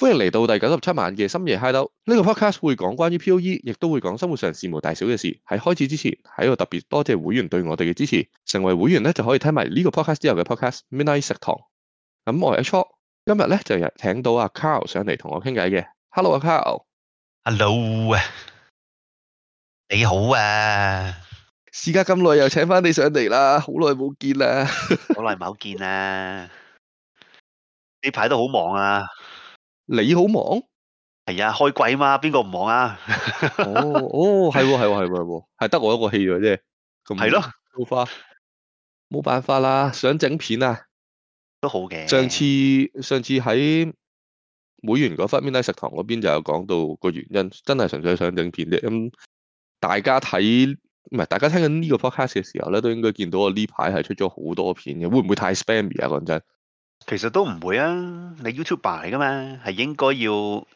歡迎嚟到第九十七晚嘅深夜 h 嗨兜呢個 podcast 會講關於 P.O.E，亦都會講生活上事無大小嘅事。喺開始之前，喺度特別多謝會員對我哋嘅支持。成為會員咧，就可以聽埋呢個 podcast 之後嘅 podcast Midnight 食堂。咁我係阿 cho，今日咧就請到阿 Carl 上嚟同我傾偈嘅。Hello，阿 Carl。Hello 啊，你好啊。時隔咁耐又請翻你上嚟啦，好耐冇見啦。好耐冇見啊，呢排都好忙啊。你好忙，係啊，開季嘛，邊個唔忙啊？哦 哦，係喎，係喎，係得我一個氣啫，咁係咯，冇法，冇辦法啦，想整片啊，都好嘅。上次上次喺會員嗰忽面，喺食堂嗰邊就有講到個原因，真係純粹想整片啫。咁、嗯、大家睇，唔係大家聽緊呢個 podcast 嘅時候咧，都應該見到我呢排係出咗好多片嘅，會唔會太 spammy 啊？講真。其實都唔會啊，你 YouTuber 嚟噶嘛，係應該要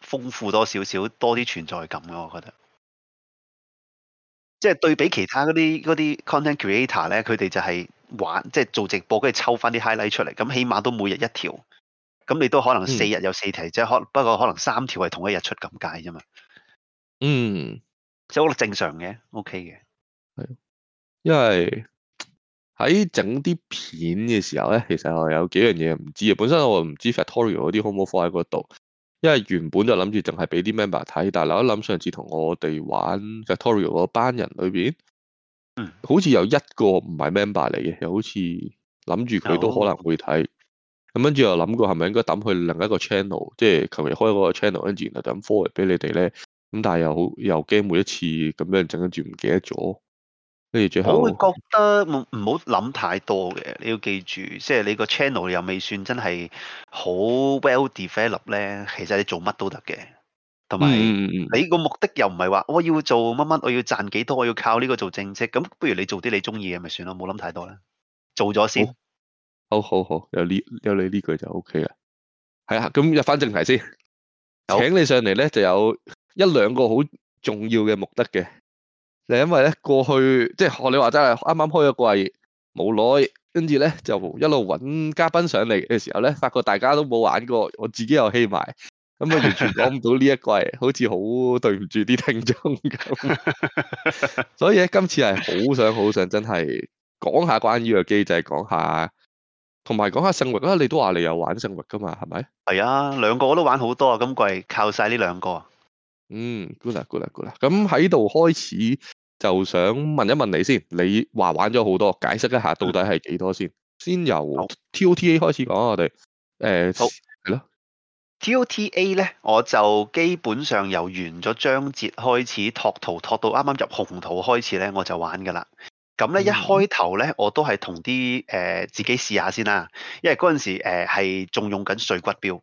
豐富多少少多啲存在感噶，我覺得。即係對比其他嗰啲啲 content creator 咧，佢哋就係玩即係做直播，跟住抽翻啲 highlight 出嚟，咁起碼都每日一條，咁你都可能四日有四題，即係可不過可能三條係同一日出咁解啫嘛。嗯，即係好正常嘅，OK 嘅，係。因為。喺整啲片嘅時候咧，其實我有幾樣嘢唔知啊。本身我唔知 Factorio 嗰啲可唔可以放喺嗰度，因為原本就諗住淨係俾啲 member 睇。但係諗一諗上次同我哋玩 Factorio 嗰班人裏邊，好似有一個唔係 member 嚟嘅，又好似諗住佢都可能會睇。咁跟住又諗過係咪應該抌去另一個 channel，即係琴日開嗰個 channel，跟住就抌 forward 俾你哋咧。咁但係又好又驚每一次咁樣整，跟住唔記得咗。最後我會覺得唔好諗太多嘅，你要記住，即係你個 channel 又未算真係好 well develop 咧，其實你做乜都得嘅。同埋你個目的又唔係話我要做乜乜，我要賺幾多，我要靠呢個做正職。咁不如你做啲你中意嘅咪算咯，冇諗太多啦。做咗先。好，好好有呢有你呢句就 OK 啦。係啊，咁入翻正題先。請你上嚟咧，就有一兩個好重要嘅目的嘅。就因為咧，過去即係學你話齋，係啱啱開咗季冇耐，跟住咧就一路揾嘉賓上嚟嘅時候咧，發覺大家都冇玩過，我自己又棄埋，咁啊完全講唔到呢一季， 好似好對唔住啲聽眾咁。所以咧今次係好想好想真係講下關於呢個機制，講下同埋講下聖所。啊，你都話你有玩聖所噶嘛？係咪？係啊，兩個我都玩好多啊！今季靠晒呢兩個。嗯，good 啦，good 啦，good 啦。咁喺度開始就想問一問你先，你話玩咗好多，解釋一下到底係幾多先？先由 TOTA 開始講我哋，誒，好係咯。TOTA 咧，我就基本上由完咗章節開始拓圖，拓到啱啱入紅圖開始咧，我就玩噶啦。咁咧一開頭咧，嗯，我都係同啲誒自己試下先啦，因為嗰陣時誒係、呃、仲用緊碎骨標，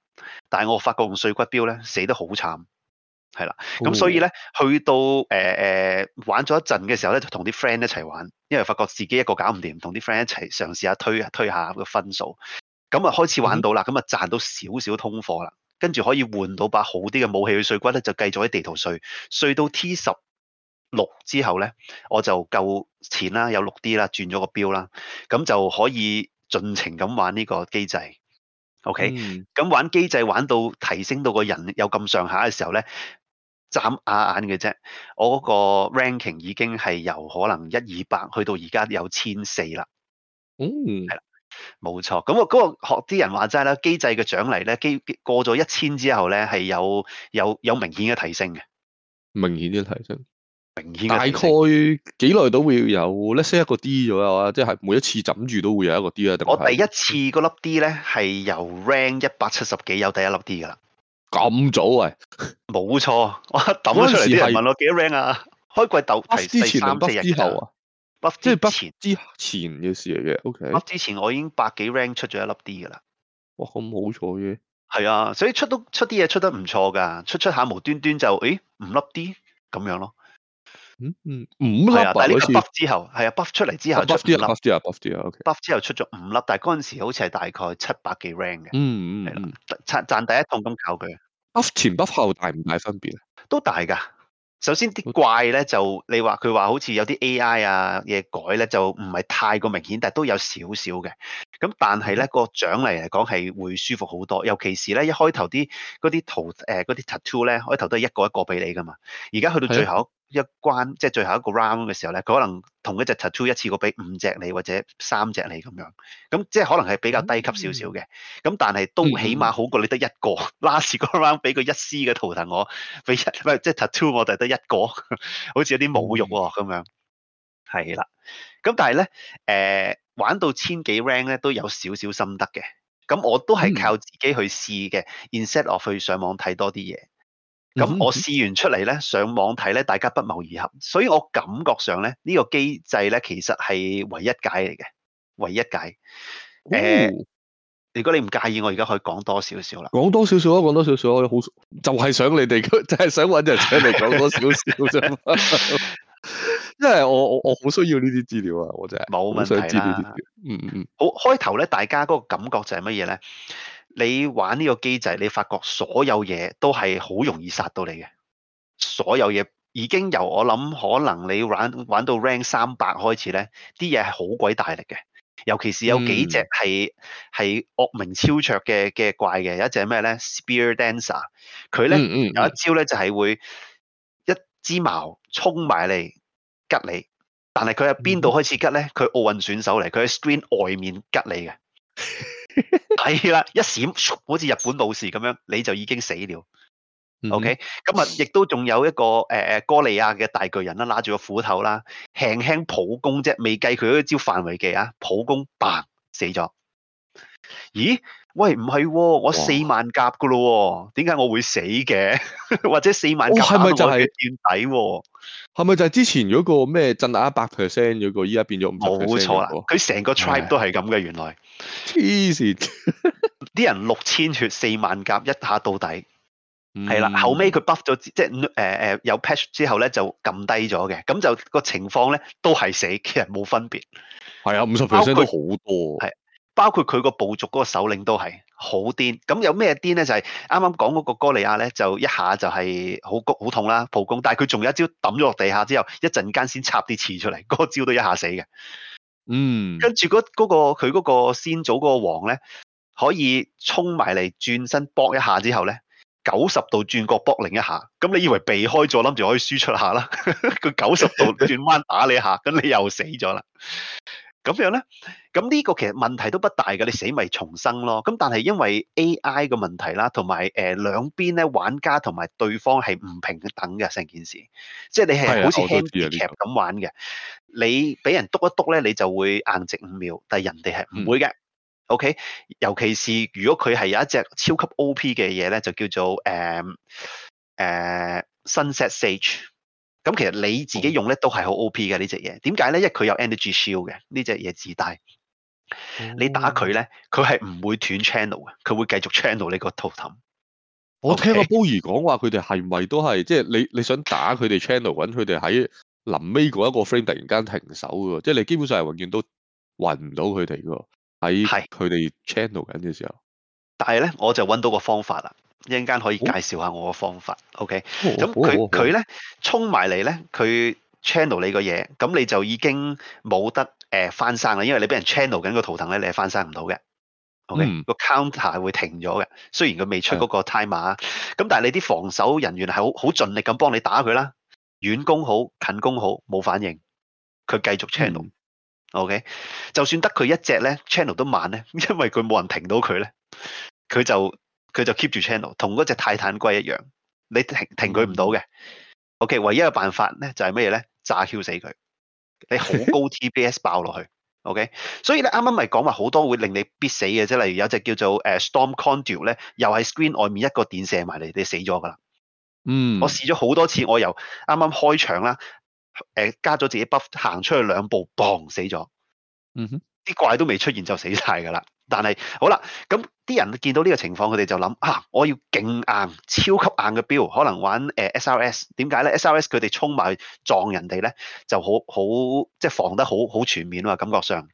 但係我發覺用碎骨標咧死得好慘。係啦，咁所以咧，去到誒誒、呃、玩咗一陣嘅時候咧，就同啲 friend 一齊玩，因為發覺自己一個搞唔掂，同啲 friend 一齊嘗試下推推下個分數，咁啊開始玩到啦，咁啊賺到少少通貨啦，跟住可以換到把好啲嘅武器去碎骨咧，就繼續喺地圖碎碎到 T 十六之後咧，我就夠錢啦，有六 D 啦，轉咗個標啦，咁就可以盡情咁玩呢個機制。嗯、OK，咁玩機制玩到提升到個人有咁上下嘅時候咧。眨下眼嘅啫，我嗰個 ranking 已經係由可能一二百去到而家有千四啦。嗯，係啦，冇錯。咁啊，嗰個學啲人話齋啦，機制嘅獎勵咧，機過咗一千之後咧，係有有有明顯嘅提升嘅。明顯嘅提升，明顯。大概幾耐都會有？咧升一個 D 左右啊，即係每一次枕住都會有一個 D 啊。定？我第一次嗰粒 D 咧係由 rank 一百七十幾有第一粒 D 噶啦。咁早啊？冇錯，我抌咗出嚟啲人問我幾多 ring 啊？開季斗係第三四日之，之後啊，即係之前、就是、之前嘅事嚟嘅。O、okay、K，之前我已經百幾 ring 出咗一粒 D 噶啦。哇，咁好彩嘅。係啊，所以出都出啲嘢，出，出得唔錯噶。出出下無端端就誒五、欸、粒 D 咁樣咯。嗯嗯，五粒、啊，但係好似之後係啊，Buff 出嚟之後出 Buff, buff、okay. 之後出咗五粒，但係嗰陣時好似係大概七百幾 rank 嘅，嗯嗯係啦，賺賺、啊、第一桶金搞佢。Buff 前 Buff 後大唔大分別都大噶。首先啲怪咧就你話佢話好似有啲 AI 啊嘢改咧就唔係太過明顯，但係都有少少嘅。咁但係咧、嗰個獎勵嚟講係會舒服好多，尤其是咧一開頭啲啲圖誒嗰、呃、啲 Tattoo 咧開頭都係一個一個俾你噶嘛，而家去到最後，一關即係最後一個 round 嘅時候咧，佢可能同一隻 tattoo 一次過俾五隻你或者三隻你咁樣，咁即係可能係比較低級少少嘅，咁、嗯、但係都起碼好過你得一個 last 嗰、嗯、round 俾佢一絲嘅圖騰我俾一即係 tattoo 我就係得一個， 好似有啲侮辱喎、哦、咁、嗯、樣，係啦。咁但係咧，誒、呃、玩到千幾 rank 咧都有少少心得嘅，咁我都係靠自己去試嘅，instead of 上網睇多啲嘢。咁我試完出嚟咧，上網睇咧，大家不謀而合，所以我感覺上咧呢、這個機制咧，其實係唯一解嚟嘅，唯一解。誒、呃哦，如果你唔介意，我而家可以講多少少啦。講多少少啊，講多少少啊，好，就係、是、想你哋，就係、是、想揾人喺度講多少少啫。因 為我我我好需要呢啲資料啊，我真係冇問題資料。嗯嗯，好，開頭咧，大家嗰個感覺就係乜嘢咧？你玩呢個機制，你發覺所有嘢都係好容易殺到你嘅。所有嘢已經由我諗，可能你玩玩到 rank 三百開始咧，啲嘢係好鬼大力嘅。尤其是有幾隻係係惡名超卓嘅嘅怪嘅，有一隻咩咧？Spear Dancer，佢咧、嗯嗯、有一招咧就係、是、會一支矛衝埋嚟吉你，但係佢喺邊度開始吉咧？佢、嗯、奧運選手嚟，佢喺 screen 外面吉你嘅。 係 啦，一閃，好似日本武士咁樣，你就已經死了。OK，咁、嗯、啊，亦都仲有一個誒誒、呃、哥利亞嘅大巨人啦、啊，拉住個斧頭啦，輕輕普攻啫，未計佢嗰招範圍嘅啊，普攻嘭死咗。咦？喂，唔係、哦，我四萬甲噶咯，點解我會死嘅？ 或者四萬甲係咪就係墊底？哦是不是就是係咪就係之前嗰個咩震壓一百 percent 嗰個，依家變咗五十？冇錯啦，佢成個 tribe 都係咁嘅原來。黐線，啲人六千血四萬甲一下到底，係、嗯、啦。後尾佢 buff 咗，即係誒誒有 patch 之後咧就撳低咗嘅。咁就、個情況咧都係死，其實冇分別。係啊，五十 percent 都好多。係包括佢個部族嗰個首領都係。好癲，咁有咩癲咧？就係啱啱講嗰個哥利亞咧，就一下就係好谷好痛啦，蒲公。但係佢仲有一招抌咗落地下之後，一陣間先插啲刺出嚟，嗰、那個、招都一下死嘅。嗯，跟住嗰、那個佢嗰個先祖嗰個王咧，可以衝埋嚟轉身搏一下之後咧，九十度轉角搏另一下。咁你以為避開咗，諗住可以輸出一下啦？佢九十度轉彎打你一下，咁 你又死咗啦。咁樣咧，咁呢個其實問題都不大嘅，你死咪重生咯。咁但係因為 A.I. 嘅問題啦，同埋誒兩邊咧，玩家同埋對方係唔平等嘅成件事，即、就、係、是、你係好似輕電劇咁玩嘅、這個，你俾人督一督咧，你就會硬直五秒，但係人哋係唔會嘅、嗯。O.K. 尤其是如果佢係有一隻超級 O.P. 嘅嘢咧，就叫做誒誒、uh, uh, Sunset Sage。咁其實你自己用咧都係好 O.P. 嘅呢隻嘢，點解咧？因為佢有 Energy Shield 嘅呢隻嘢自帶，你打佢咧，佢係唔會斷 channel 嘅，佢會繼續 channel 呢個圖騰。我聽阿 Boer 講話，佢哋係咪都係即係你你想打佢哋 channel，揾佢哋喺臨尾嗰一個 frame 突然間停手嘅喎，即係你基本上係永遠都暈唔到佢哋個喺佢哋 channel 緊嘅時候。但係咧，我就揾到個方法啦。一陣間可以介紹一下我嘅方法、哦、OK？咁佢佢咧沖埋嚟咧，佢、哦嗯、channel 你個嘢，咁、嗯、你就已經冇得返、呃、翻生啦，因為你俾人 channel 緊個圖騰咧，你係翻生唔到嘅。OK？個、嗯、counter 會停咗嘅，雖然佢未出嗰個 timer 咁，但係你啲防守人員係好好盡力咁幫你打佢啦，遠攻好，近攻好，冇反應，佢繼續 channel、嗯。OK？就算得佢一隻咧 channel 都慢咧，因為佢冇人停到佢咧，佢就。佢就 keep 住 channel，同嗰隻泰坦龜一樣，你停停佢唔到嘅。OK，唯一嘅辦法咧就係咩咧？炸 Q 死佢，你好高 TBS 爆落去。OK， 所以咧啱啱咪講話好多會令你必死嘅啫，例如有隻叫做 Storm Conduit 咧，又係 screen 外面一個電射埋嚟，你死咗噶啦。嗯、mm-hmm.。我試咗好多次，我由啱啱開場啦，誒加咗自己 buff 行出去兩步嘣，死咗。嗯、mm-hmm. 啲怪都未出現就死晒噶啦。但係好啦，咁啲人見到呢個情況，佢哋就諗啊，我要勁硬、超級硬嘅標，可能玩 SRS。點解咧？SRS 佢哋衝埋撞人哋咧，就好好即係防得好好全面啊嘛，感覺上。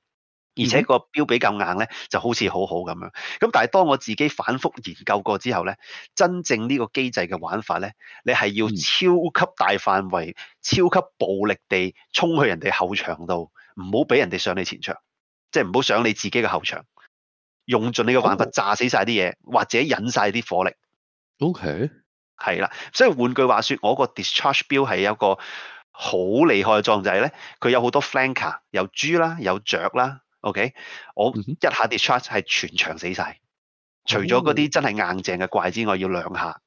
而且個標比較硬咧，就好似好好咁樣。咁但係當我自己反覆研究過之後咧，真正呢個機制嘅玩法咧，你係要超級大範圍、嗯、超級暴力地衝去人哋後場度，唔好俾人哋上你前場，即係唔好上你自己嘅後場。用盡你個辦法炸死晒啲嘢，oh. 或者引晒啲火力。O K，係啦，所以換句話說，我個 discharge build 係一個好厲害嘅作用，就係咧，佢有好多 flanker，有豬啦，有雀啦。O、okay? K，我一下 discharge 係全場死晒，mm-hmm. 除咗嗰啲真係硬淨嘅怪之外，oh. 要兩下。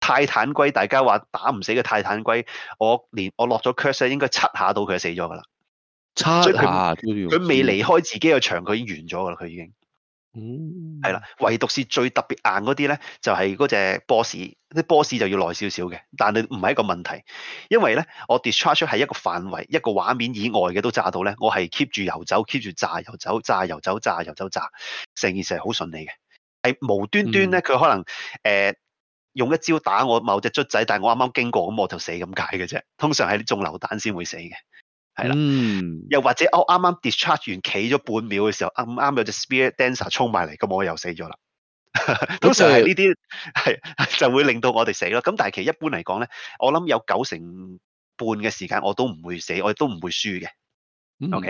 泰坦龜大家話打唔死嘅泰坦龜，我連我落咗 curse 應該七下到佢死咗噶啦。佢未離開自己個場，佢已經完咗噶啦，佢已經。嗯，係啦，唯獨是最特別硬嗰啲咧，就係嗰隻 boss，啲 boss 就要耐少少嘅，但係唔係一個問題，因為咧我 discharge 係一個範圍，一個畫面以外嘅都炸到咧，我係 keep 住遊走，keep 住炸，遊走炸，遊走炸，遊走炸，成件事係好順利嘅，係無端端咧，佢可能誒、呃、用一招打我某隻卒仔，但係我啱啱經過，咁我就死咁解嘅啫，通常係啲中流彈先會死嘅。係啦、嗯，又或者我啱啱 discharge 完企咗半秒嘅時候，啱啱有隻 spirit dancer 衝埋嚟，咁我又死咗啦。通常係呢啲係就會令到我哋死咯。咁但係其實一般嚟講咧，我諗有九成半嘅時間我都唔會死，我亦都唔會輸嘅。OK，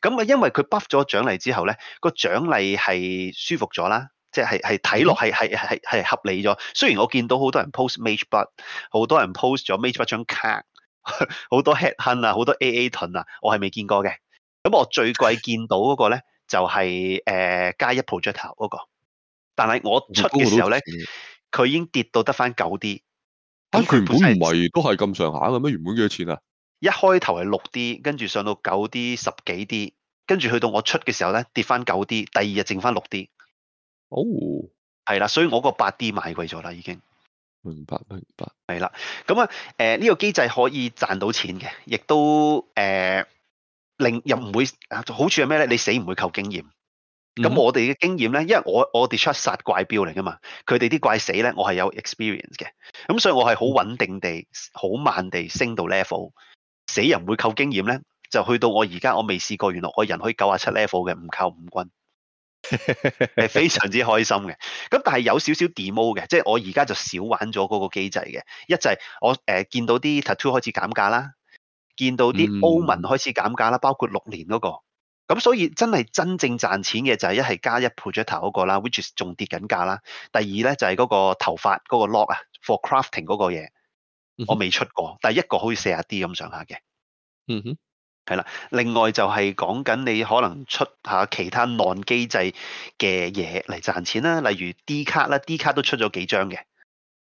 咁啊，因為佢 buff 咗獎勵之後咧，個獎勵係舒服咗啦，即係係睇落係係係係合理咗。雖然我見到好多人 post mage buff，好多人 post 咗 mage buff 張卡。好 多 head hunt 啊，好多 A A 盾啊，我係未見過嘅。咁我最貴見到嗰個咧，就係、是、誒、呃、加一 project 嗰、那個。但係我出嘅時候咧，佢已經跌到得翻九 D。但佢本唔係都係咁上下嘅咩？原本幾多錢啊？一開頭係六 D，跟住上到九 D、十幾 D，跟住去到我出嘅時候咧，跌翻九 D，第二日剩翻六 D。哦，係啦，所以我個八 D 賣貴咗啦，已經。明白明白，係啦，咁啊，誒、嗯、呢、這個機制可以賺到錢嘅，亦都誒、呃、令又唔會好處係咩咧？你死唔會扣經驗，咁、嗯、我哋嘅經驗咧，因為我我哋出殺怪標嚟㗎嘛，佢哋啲怪死咧，我係有 experience 嘅，咁所以我係好穩定地，好慢地升到 level，死人唔會扣經驗咧，就去到我而家我未試過，原來我人可以九廿七 level 嘅，唔扣五棍。係 非常之開心嘅，咁但係有少少 demo 嘅，即、就、係、是、我而家就少玩咗嗰個機制嘅。一就係我誒見到啲 tattoo 開始減價啦，見到啲 Omen 開始減價啦，包括六年嗰、那個。咁所以真係真正賺錢嘅就係一係加一 projector 嗰個啦，which 仲跌緊價啦。第二咧就係、是、嗰個頭髮嗰、那個 lock 啊，for crafting 嗰個嘢，我未出過，嗯、但係一個好似四廿 D 咁上下嘅。嗯哼。係啦，另外就係講緊你可能出下其他難機制嘅嘢嚟賺錢啦、啊，例如 D 卡啦，D 卡都出咗幾張嘅，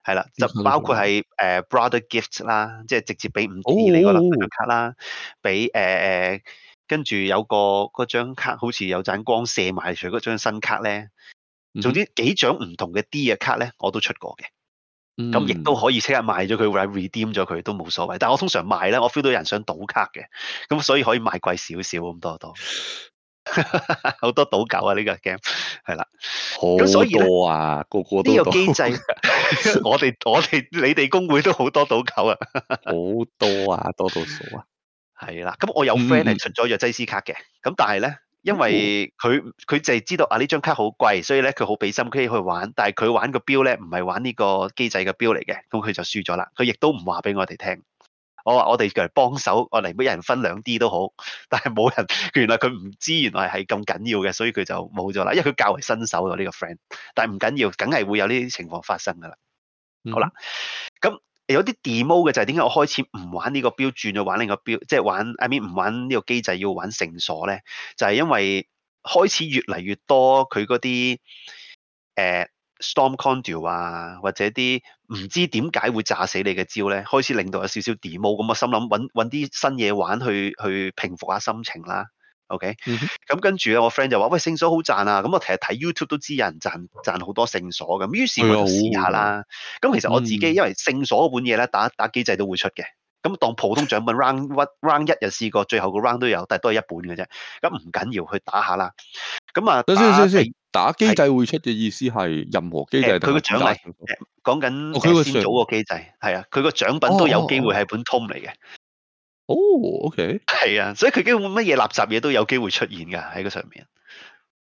係啦，就包括係誒 Brother Gift 啦，嗯、即係直接俾五折你嗰粒會員卡啦，俾誒誒，跟住有個嗰張卡好似有盞光射埋，除嗰張新卡咧，總之幾張唔同嘅 D 嘅卡咧，我都出過嘅。咁亦都可以即刻賣咗佢，或者 redeem 咗佢都冇所謂。但係我通常賣咧，我 feel 到有人想賭卡嘅，咁所以可以賣貴少少咁多多，好多賭狗啊呢、這個 game 係啦，好多啊，所以個個都多、這個機制， 我哋我哋 你哋工會都好多賭狗啊，好多啊，多到數啊，係啦，咁我有 friend 係出咗藥劑師卡嘅，咁、嗯、但係咧。因為佢佢淨係知道啊呢張卡好貴，所以咧佢好俾心機去玩。但係佢玩個標咧，唔係玩呢個機制嘅標嚟嘅，咁佢就輸咗啦。佢亦都唔話俾我哋聽。我話我哋嚟幫手，我嚟每人分兩啲都好，但係冇人。原來佢唔知，原來係咁緊要嘅，所以佢就冇咗啦。因為佢較為新手啊呢、呢個 friend，但係唔緊要，梗係會有呢啲情況發生噶啦、嗯。好啦，咁。有啲 demo 嘅就係點解我開始唔玩呢個標，轉去玩另一個標，即係玩 I mean 唔玩呢個機制，要玩聖所咧，就係因為開始越嚟越多佢嗰啲誒 storm conduit 啊，或者啲唔知點解會炸死你嘅招咧，開始令到有少少 demo 咁，我心諗揾揾啲新嘢玩去去平復下心情啦。OK，咁、mm-hmm. 跟住咧，我 friend 就話：喂，聖所好賺啊！咁我其實睇 YouTube 都知有人賺賺好多聖所咁。於是我就試下啦。咁其實我自己、嗯、因為聖所嗰本嘢咧，打打機制都會出嘅。咁當普通獎品 round one round 一又試過，最後個 round 都有，但係都係一本嘅啫。咁唔緊要，去打下啦。咁啊，等先先打，打機制會出嘅意思係任何機制。佢、呃、個獎品、制制、呃獎品呃、講緊佢個、okay. 呃、先祖個機制係啊，佢個獎品都有機會係本 Tome 嚟嘅。哦哦哦哦、oh，OK，係啊，所以佢基本乜嘢垃圾嘢都有機會出現噶喺個上面。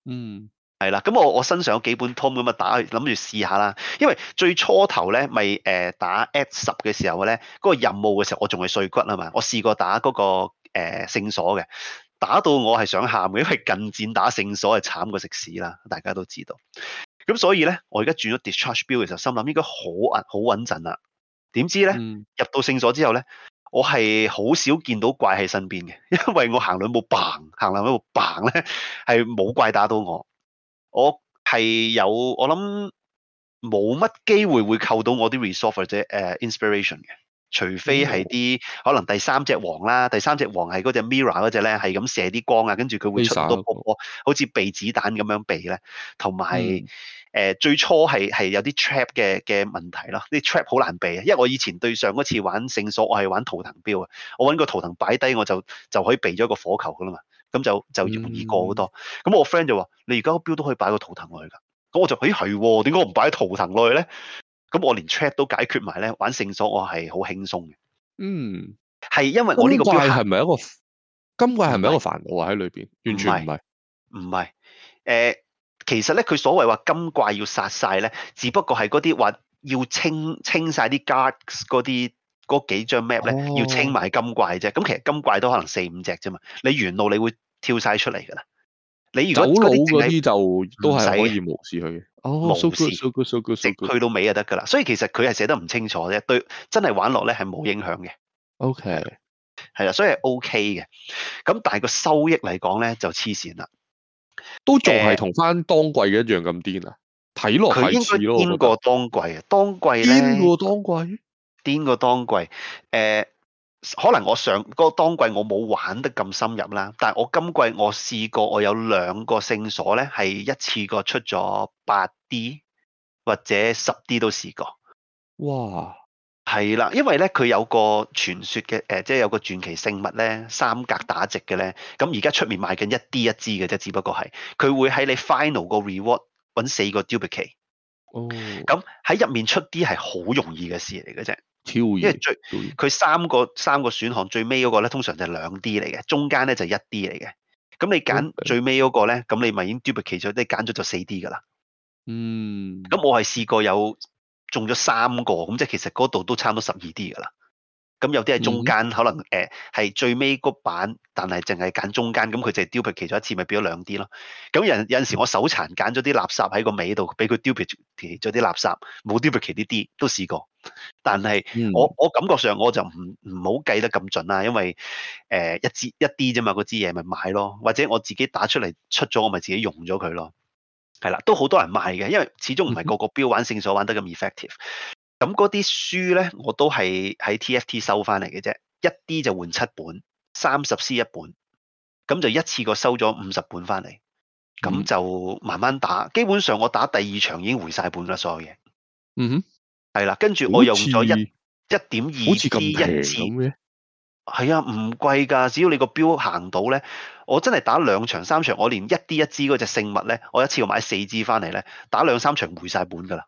嗯，係啦，咁我我身上有幾本湯咁啊，打諗住試下啦。因為最初頭咧，咪誒打 at 十嘅時候咧，嗰個任務嘅時候我仲係碎骨啊嘛。我試過打嗰個誒聖所嘅，打到我係想喊嘅，因為近戰打聖所係慘過食屎啦，大家都知道。咁所以咧，我而家轉咗 discharge Bill 嘅時候心，心諗應該好穩好穩陣啦。點知咧，入到聖所之後咧？我係好少見到怪喺身邊嘅，因為我行兩步 bang，行兩步 bang 咧係冇怪打到我。我係有，我諗冇乜機會會扣到我啲 resource 或者誒 inspiration 嘅，除非係啲可能第三隻王啦，第三隻王係嗰隻 mirror 嗰隻咧係咁射啲光啊，跟住佢會出多波波好似避子彈咁樣避咧，同埋。嗯誒、呃、最初係係有啲 trap 嘅嘅問題咯，啲 trap 好難避啊！因為我以前對上嗰次玩聖所，我係玩圖騰標啊，我揾個圖騰擺低，我就就可以避咗個火球噶啦嘛，咁就就容易過好多。咁、嗯、我 friend 就話：你而家個標都可以擺個圖騰落去㗎。咁我就：咦係？點解我唔擺個圖騰落去咧？咁我連 trap 都解決埋咧，玩聖所我係好輕鬆嘅。嗯，係因為我呢個標係咪一個金怪係咪一個煩惱啊？喺裏邊完全唔係，唔係誒。其實咧，佢所謂話金怪要殺晒咧，只不過係嗰啲話要清清晒啲加嗰啲嗰幾張 map 咧，oh. 要清埋金怪啫。咁其實金怪都可能四五隻啫嘛。你沿路你會跳晒出嚟噶啦。你如果老啲就都係可以無視佢嘅，oh, 無視、so so so so、直到尾就得噶啦。所以其實佢係寫得唔清楚啫。對真係玩落咧係冇影響嘅。OK，係啦，所以係 OK 嘅。咁但係個收益嚟講咧就黐線啦。都仲係同翻當季一樣咁癲啊！睇落去，似咯。邊個當季啊？當季癲個當季，癲個當季。誒、呃，可能我上嗰、那個當季我冇玩得咁深入啦。但係我今季我試過，我有兩個聖所咧，係一次過出咗八 D 或者十 D 都試過。哇！係啦，因為咧佢有個傳説嘅誒，即係有個傳奇聖物咧，三格打直嘅咧。咁而家出面賣緊一啲一支嘅啫，只不過係佢會喺你 final 個 reward 揾四個 duplicate 哦。咁喺入面出啲係好容易嘅事嚟嘅啫，超易。因為最佢三個三個選項最尾嗰個咧，通常就係兩 D 嚟嘅，中間咧就係一 D 嚟嘅。咁、哦、你揀最尾嗰個咧，咁你咪已經 duplicate 咗，即係揀咗就四 D 㗎啦。嗯。咁我係試過有。中咗三個，咁即係其實嗰度都差唔多十二 D 噶啦。咁有啲係中間，嗯、可能誒係、呃、最尾嗰版，但係淨係揀中間，咁佢就係 duplicate 咗一次，咪變咗兩 D 咯。咁有有陣時我手殘揀咗啲垃圾喺個尾度，俾佢 duplicate 咗啲垃圾冇 duplicate 啲都試過，但係我我感覺上我就唔唔好計得咁準啦，因為、呃、一支一 D 咋嘛，嗰支嘢咪買咯，或者我自己打出嚟出咗，我咪自己用咗佢咯。係啦，都好多人賣嘅，因為始終唔係個個標、嗯、玩聖所玩得咁 effective。咁嗰啲書咧，我都係喺 TFT 收翻嚟嘅啫，一啲就換七本，三十 C 一本，咁就一次過收咗五十本翻嚟，咁就慢慢打、嗯。基本上我打第二場已經回晒本啦，所有嘢。嗯哼，係啦，跟住我用咗一一點二 C 一字。係啊，唔貴㗎。只要你個標行到咧，我真係打兩場三場，我連一啲一支嗰隻聖物咧，我一次要買四支翻嚟咧，打兩三場回晒本㗎啦。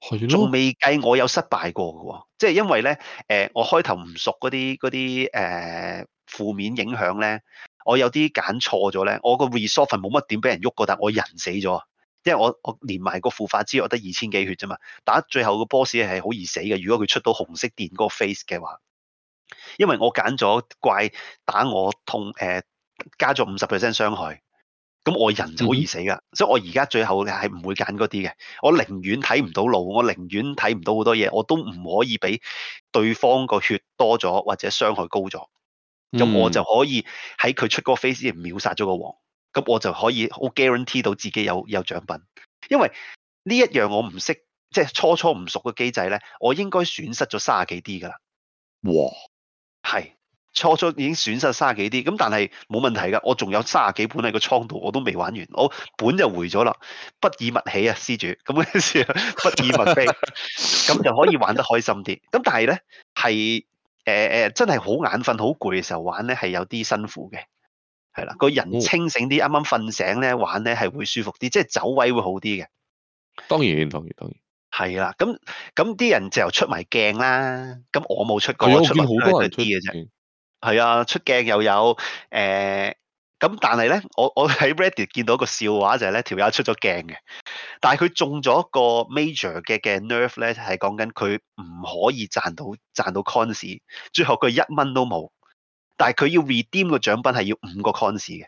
係咯，仲未計我有失敗過㗎喎。即係因為咧、呃，我開頭唔熟嗰啲嗰啲誒負面影響咧，我有啲揀錯咗咧，我個 resource 冇乜點俾人喐過，但我人死咗，因為我我連埋個副法之我得二千幾血啫嘛。打最後個 boss 係好易死嘅，如果佢出到紅色電嗰個 face 嘅話。因為我揀咗怪打我痛，誒、呃、加咗五十 percent 傷害，咁我人就好易死噶、嗯，所以我而家最後咧係唔會揀嗰啲嘅，我寧願睇唔到路，我寧願睇唔到好多嘢，我都唔可以俾對方個血多咗或者傷害高咗，咁、嗯、我就可以喺佢出個 face 而秒殺咗個王，咁我就可以好 guarantee 到自己有有獎品，因為呢一樣我唔識，即係初初唔熟嘅機制咧，我應該損失咗卅幾 D 噶啦，哇！係初初已經損失卅幾啲，咁但係冇問題嘅，我仲有卅幾本喺個倉度，我都未玩完，我本就回咗啦，不以物喜啊，施主，咁嘅意思，不以物悲，咁 就可以玩得開心啲。咁但係咧，係誒誒，真係好眼瞓、好攰嘅時候玩咧，係有啲辛苦嘅，係啦，個人清醒啲，啱啱瞓醒咧玩咧，係會舒服啲，即係走位會好啲嘅。當然，當然，當然。係啦，咁咁啲人就又出埋鏡啦，咁我冇出過，我見好多人出嘅啫，係啊，出鏡又有，誒、呃，咁但係咧，我我喺 Reddit 見到個笑話就係咧，條友出咗鏡嘅，但係佢中咗個 major 嘅嘅 nerf 咧，係講緊佢唔可以賺到賺到 cons，最後佢一蚊都冇，但係佢要 redeem 個獎品係要五個 cons 嘅，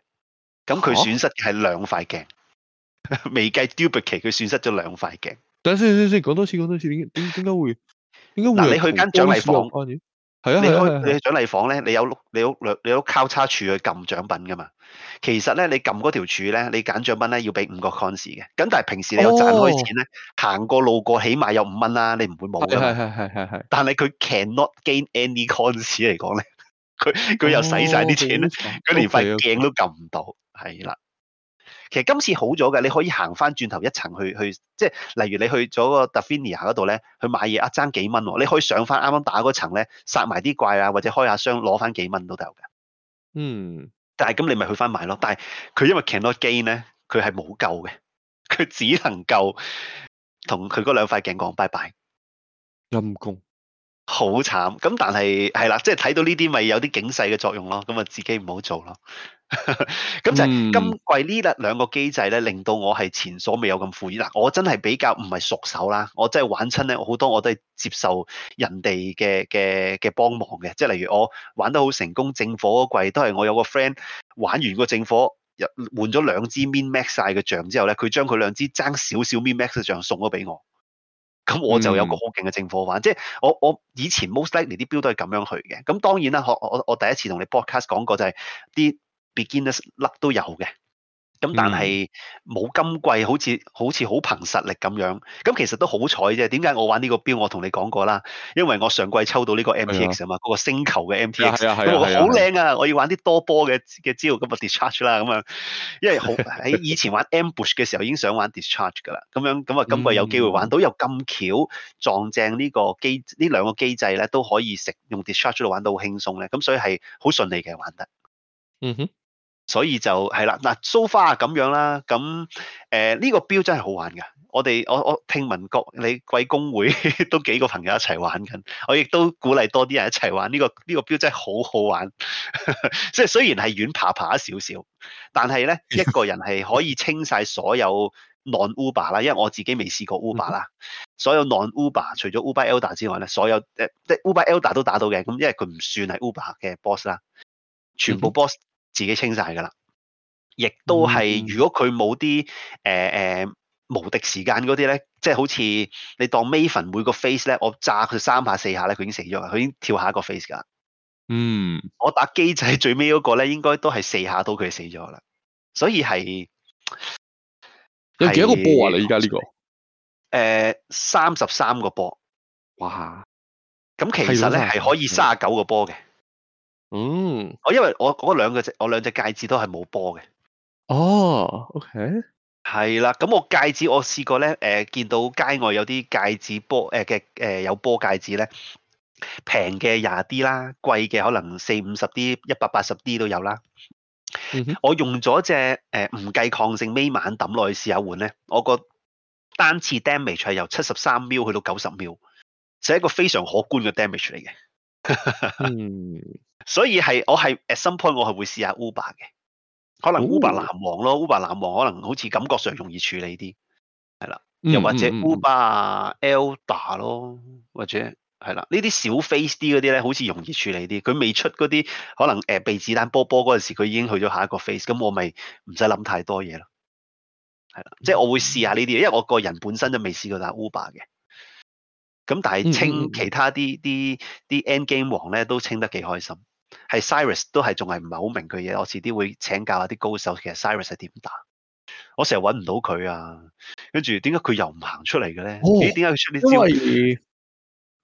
咁佢損失係兩塊鏡，未、啊、 計 dubucy，佢損失咗兩塊鏡。等先先講多次講多次，點點點解會？點解會、啊。你去間獎勵房，係啊,啊,啊,啊,啊,啊,啊，你去你獎勵房咧，你有你屋你,你有交叉柱去撳獎品噶嘛？其實咧，你撳嗰條柱咧，你揀獎品咧要俾五個 con 嘅。咁但係平時你有賺開錢咧、哦，行過路過起碼有五蚊啦，你唔會冇噶嘛。係係係係但係佢 cannot gain any cons 嚟講咧，佢佢又使晒啲錢啦，佢、哦、連塊鏡都撳唔到，係、okay, 啦、okay.。其實今次好咗嘅，你可以行翻轉頭一層去去，即係例如你去咗個 Divinia 嗰度咧，去買嘢啊，爭幾蚊喎，你可以上翻啱啱打嗰層咧，殺埋啲怪啊，或者開下箱攞翻幾蚊都得嘅。嗯，但係咁你咪去翻買咯。但係佢因為 cannot gain 咧，佢係冇夠嘅，佢只能夠同佢嗰兩塊鏡講 bye bye。陰公。好慘，咁但係係啦，即係睇到呢啲咪有啲警世嘅作用咯，咁啊自己唔好做咯。咁 就係今季呢兩兩個機制咧，令到我係前所未有咁富裕。嗱，我真係比較唔係熟手啦，我真係玩親咧好多我都係接受人哋嘅嘅嘅幫忙嘅，即係例如我玩得好成功，正火嗰季都係我有個 friend 玩完個正火，換咗兩支 min max 晒嘅賬之後咧，佢將佢兩支爭少少 min max 嘅賬送咗俾我。.咁我就有個好勁嘅正貨翻，即係我我以前 most likely 啲 build 都係咁樣去嘅。咁當然啦，我我我第一次同你 podcast 講過就係啲 beginners luck 都有嘅。咁、嗯、但係冇今季好似好似好憑實力咁樣，咁其實都好彩啫。點解我玩呢個標？我同你講過啦，因為我上季抽到呢個 MTX 啊嘛，嗰、啊那個星球嘅 MTX，、啊啊啊、我好靚啊,啊,啊,啊，我要玩啲多波嘅嘅招咁啊，discharge 啦咁樣。因為好喺以前玩 Ambush 嘅時候 已經想玩 discharge 噶啦，咁樣咁啊今季有機會玩到又咁巧撞正個機個機呢個機呢兩個機制咧都可以食用 discharge 度玩到好輕鬆咧，咁所以係好順利嘅玩得。嗯哼。所以就係啦，嗱，so far 咁樣啦，咁誒呢個標真係好玩噶。我哋我我聽聞各你貴公會都幾個朋友一齊玩緊，我亦都鼓勵多啲人一齊玩呢個呢個標真係好好玩。即係雖然係遠爬爬少少，但係咧一個人係可以清晒所有 non uber 啦，因為我自己未試過 uber 啦。 所有 non uber 除咗 uber elder 之外咧，所有誒即 uber elder 都打到嘅，咁因為佢唔算係 uber 嘅 boss 啦，全部 boss。自己清晒噶啦，亦都係如果佢冇啲誒誒無敵時間嗰啲咧，即係好似你當 Maven 每個 face 咧，我炸佢三下四下咧，佢已經死咗啦，佢已經跳下一個 face 噶。嗯，我打機仔最尾嗰個咧，應該都係四下到佢死咗啦。所以係有幾多個波啊？你依家呢個？誒、呃，三十三個波。哇嚇！咁其實咧係、啊、可以三十九個波嘅。嗯嗯，我 因為我嗰兩隻我兩隻戒指都係冇波嘅。哦、oh，OK，係啦，咁我戒指我試過咧，誒、呃、見到街外有啲戒指波誒嘅誒有波戒指咧，平嘅廿 D 啦，貴嘅可能四五十 D、一百八十 D 都有啦。Mm-hmm. 我用咗隻誒唔、呃、計抗性 m 晚猛抌落去試下換咧，我個單次 damage 係由七十三秒去到九十秒，就係一個非常可觀嘅 damage 嚟嘅。 所以係我係 at some point 我係會試下 Uber 嘅，可能 Uber 藍王咯、哦，Uber 藍黃可能好似感覺上容易處理啲，係啦，又或者 Uber Elder 咯嗯嗯嗯，或者係啦，呢啲小 face 啲嗰啲咧，好似容易處理啲。佢未出嗰啲可能誒被子彈波波嗰陣時候，佢已經去咗下一個 face，咁我咪唔使諗太多嘢咯。係啦，即、就、係、是、我會試下呢啲，因為我個人本身就未試過打 Uber 嘅。咁、嗯嗯、但係清其他啲啲啲 end game 王咧都清得幾開心，係 Cyrus 都係仲係唔係好明佢嘢？我遲啲會請教下啲高手，其實 Cyrus 係點打？我成日揾唔到佢啊！跟住點解佢又唔行出嚟嘅咧？咦、哦？點解佢出啲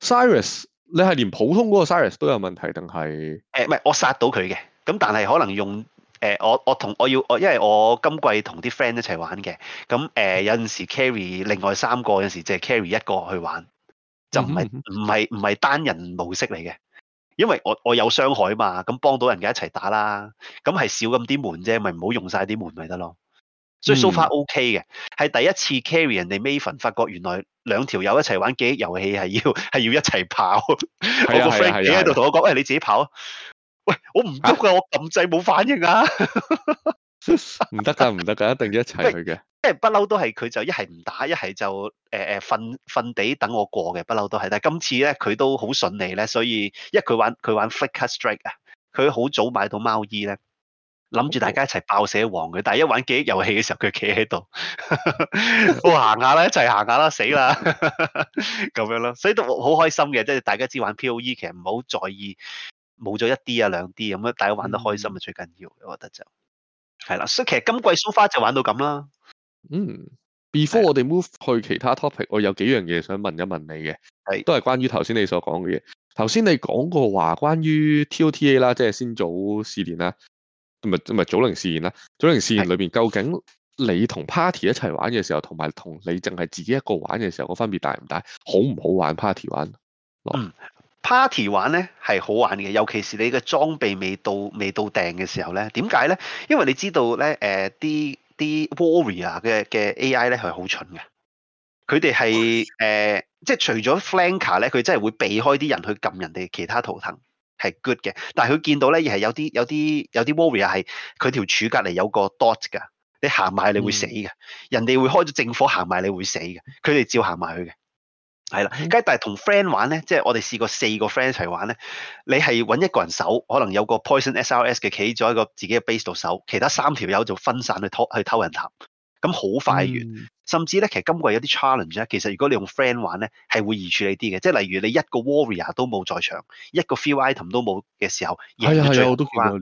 招？Cyrus 你係連普通嗰個 Cyrus 都有問題定係？誒唔係我殺到佢嘅，咁但係可能用誒、呃、我我同我要我因為我今季同啲 friend 一齊玩嘅，咁、呃、誒有陣時 carry 另外三個，有陣時就係 carry 一個去玩。就唔係唔係唔係單人模式嚟嘅，因為我我有傷害嘛，咁幫到人家一齊打啦，咁係少咁啲門啫，咪唔好用晒啲門咪得咯。所以 so far O K 嘅，係第一次 carry 人哋 Maven 發覺原來兩條友一齊玩記憶遊戲係要係要一齊跑。我個 friend 喺度同我講：，喂，你自己跑啊！喂，我唔郁噶，我撳掣冇反應啊,啊，唔得噶，唔得噶，一定要一齊去嘅。即係不嬲都係佢就一係唔打一係就誒誒瞓瞓地等我過嘅，不嬲都係，但係今次咧佢都好順利咧，所以，因為佢玩佢玩 fake cut s t r i g e 啊，佢好早買到貓衣咧，諗住大家一齊爆死王嘅，但係一玩記憶遊戲嘅時候佢企喺度，我行下啦，一齊行下啦，死啦，咁 樣咯，所以都好開心嘅。即係大家知玩 P O E 其實唔好在意冇咗一啲啊兩啲咁啊，大家玩得開心啊最緊要、嗯、我覺得就係啦，所以其實今季 s o 花就玩到咁啦。嗯，before 我哋 move 去其他 topic，我有幾樣嘢想問一問你嘅，係都係關於頭先你所講嘅嘢。頭先你講過話關於 TOTA 啦，即係先祖試煉啦，唔係唔係祖靈試煉啦。祖靈試煉裏邊究竟你同 party 一齊玩嘅時候，同埋同你淨係自己一個玩嘅時候，個分別大唔大？好唔好玩？party 玩？嗯，party 玩咧係好玩嘅，尤其是你嘅裝備未到未到定嘅時候咧，點解咧？因為你知道咧，誒、呃、啲。啲 warrior 嘅嘅 AI 咧係好蠢嘅，佢哋係誒，即係除咗 flanker 咧，佢真係會避開啲人去撳人哋其他圖騰，係 good 嘅，但係佢見到咧，而係有啲有啲有啲 warrior 係佢條柱隔籬有個 dot 噶，你行埋你會死嘅，嗯，人哋會開咗正火行埋你會死嘅，佢哋照行埋去嘅。係啦，但係同 friend 玩咧，即係我哋試過四個 friend 一齊玩咧，你係揾一個人守，可能有個 poison S R S 嘅企咗喺個自己嘅 base 度守，其他三條友就分散去偷去偷人塔，咁好快完。嗯。甚至咧，其實今季有啲 challenge 咧，其實如果你用 friend 玩咧，係會易處理啲嘅。即係例如你一個 warrior 都冇在場，一個 few item 都冇嘅時候，贏嘅最關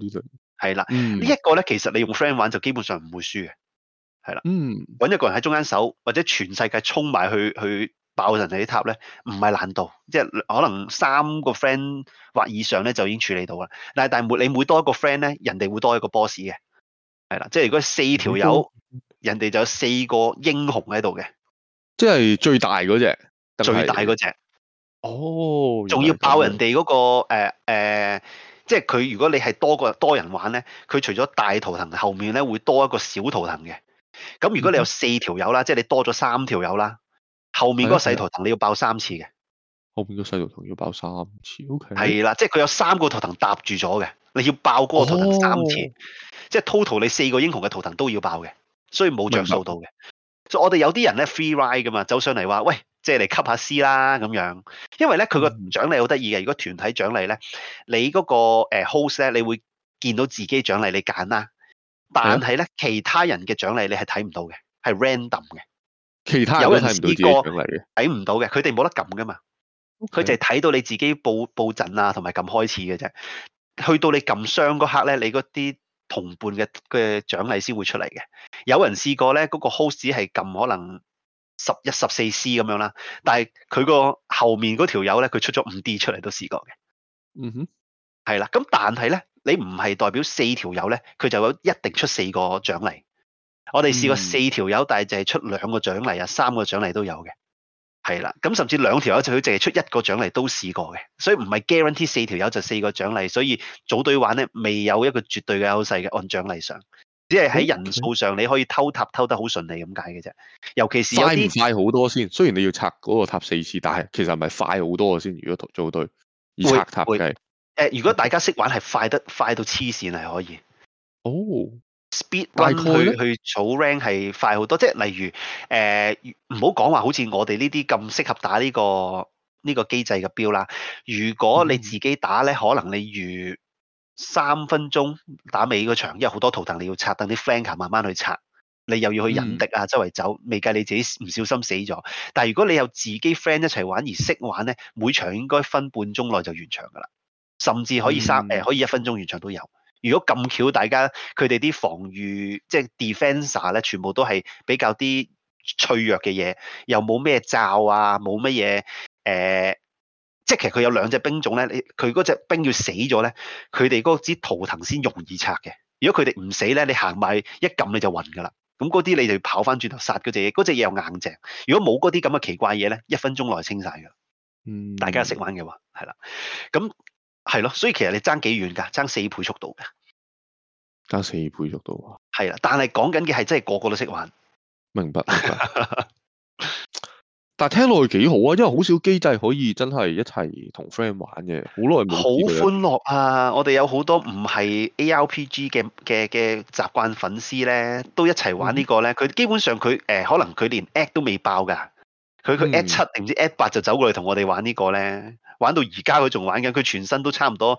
係啦。嗯這個、呢一個咧，其實你用 friend 玩就基本上唔會輸嘅。係啦，揾、嗯、一個人喺中間守，或者全世界衝埋去去。去爆人哋啲塔咧，唔係難度，即係可能三個 friend 或以上咧就已經處理到啦。但係但係每你每多一個 friend 咧，人哋會多一個 boss 嘅，係啦。即係如果四條友，嗯、人哋就有四個英雄喺度嘅。即係最大嗰隻，最大嗰隻。哦，仲要爆人哋嗰、那個誒誒、呃呃，即係佢如果你係多過多人玩咧，佢除咗大圖騰後面咧會多一個小圖騰嘅。咁如果你有四條友啦，即係你多咗三條友啦。後面嗰個細圖騰你要爆三次嘅，後面個細圖騰要爆三次，O K 係啦，即係佢有三個圖騰搭住咗嘅，你要爆嗰個圖騰三次，哦、即係 total 你四個英雄嘅圖騰都要爆嘅，所以冇着數到嘅。所以我哋有啲人咧 free ride 噶嘛，走上嚟話喂，即係嚟吸下絲啦咁樣，因為咧佢個獎勵好得意嘅，如果團體獎勵咧，你嗰個誒 host 咧，你會見到自己獎勵你揀啦，但係咧、哎、其他人嘅獎勵你係睇唔到嘅，係 random 嘅。其他人睇唔到有人試過嘅，睇唔到嘅，佢哋冇得撳噶嘛，佢、okay. 就係睇到你自己報報陣啊，同埋撳開始嘅啫。去到你撳雙嗰刻咧，你嗰啲同伴嘅嘅獎勵先會出嚟嘅。有人試過咧，嗰、那個 host 係撳可能十一十四 C 咁樣啦，但係佢個後面嗰條友咧，佢出咗五 D 出嚟都試過嘅。嗯、mm-hmm. 哼，係啦。咁但係咧，你唔係代表四條友咧，佢就有一定出四個獎勵。我哋試過、嗯、四條友，但係淨係出兩個獎勵啊，三個獎勵都有嘅，係啦。咁甚至兩條友就佢淨係出一個獎勵都試過嘅，所以唔係 guarantee 四條友就四個獎勵。所以組隊玩咧，未有一個絕對嘅優勢嘅，按獎勵上，只係喺人數上你可以偷塔偷得好順利咁解嘅啫。尤其是有啲快唔快好多先？雖然你要拆嗰個塔四次，但係其實係咪快好多先？如果組隊而拆塔嘅，誒、就係呃，如果大家識玩係快得快到黐線係可以，哦。speed 去去草 rank 係快好多，即係例如誒唔、呃、好講話好似我哋呢啲咁適合打呢、個呢個機、這個、制嘅標啦。如果你自己打咧、嗯，可能你如三分鐘打尾嗰場，因為好多圖騰你要拆，等啲 friend 慢慢去拆，你又要去引敵啊、嗯、周圍走，未計你自己唔小心死咗。但係如果你有自己 friend 一齊玩而識玩咧，每場應該分半鐘內就完場㗎啦，甚至可以三、嗯呃、可以一分鐘完場都有。如果咁巧，大家佢哋啲防禦即係、就是、defender 咧，全部都係比較啲脆弱嘅嘢，又冇咩罩啊，冇乜嘢誒，即係其實佢有兩隻兵種咧，你佢嗰隻兵要死咗咧，佢哋嗰支圖騰先容易拆嘅。如果佢哋唔死咧，你行埋一撳你就暈噶啦。咁嗰啲你就跑翻轉頭殺嗰隻嘢，嗰隻嘢又硬淨。如果冇嗰啲咁嘅奇怪嘢咧，一分鐘內清晒嘅。嗯，大家識玩嘅話，係啦，咁係咯，所以其實你爭幾遠㗎？爭四倍速度嘅。加四倍速度啊！係啦，但係講緊嘅係真係個個都識玩，明白。明白 但係聽落去幾好啊，因為好少機制可以真係一齊同 friend 玩嘅，好耐冇。好歡樂啊！我哋有好多唔係 A R P G 嘅嘅嘅習慣粉絲咧，都一齊玩個呢個咧。佢、嗯、基本上佢誒、呃，可能佢連 Act 都未爆噶，佢佢 Act 七定唔知 Act 八就走過嚟同我哋玩個呢個咧。玩到而家佢仲玩緊，佢全身都差唔多。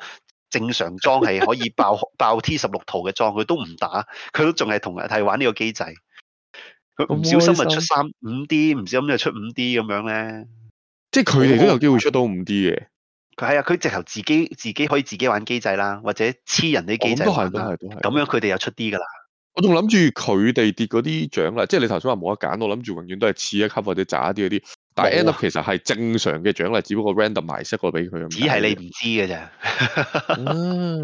正常裝係可以爆 爆 T 十六圖嘅裝，佢都唔打，佢都仲係同人係玩呢個機制。佢唔小心就出三五 D，唔小心就出五 D 咁樣咧。即係佢哋都有機會出到五 D 嘅。佢係啊，佢直頭自己自己可以自己玩機制啦，或者黐人啲機制都係都係都係啦。咁樣佢哋又出啲噶啦。我仲諗住佢哋跌嗰啲獎啦，即係你頭先話冇得揀，我諗住永遠都係次一級或者渣一啲嗰啲。但 end up 其實係正常嘅獎勵，只不過 randomize 過俾佢啊。只係你唔知嘅咋。 嗯，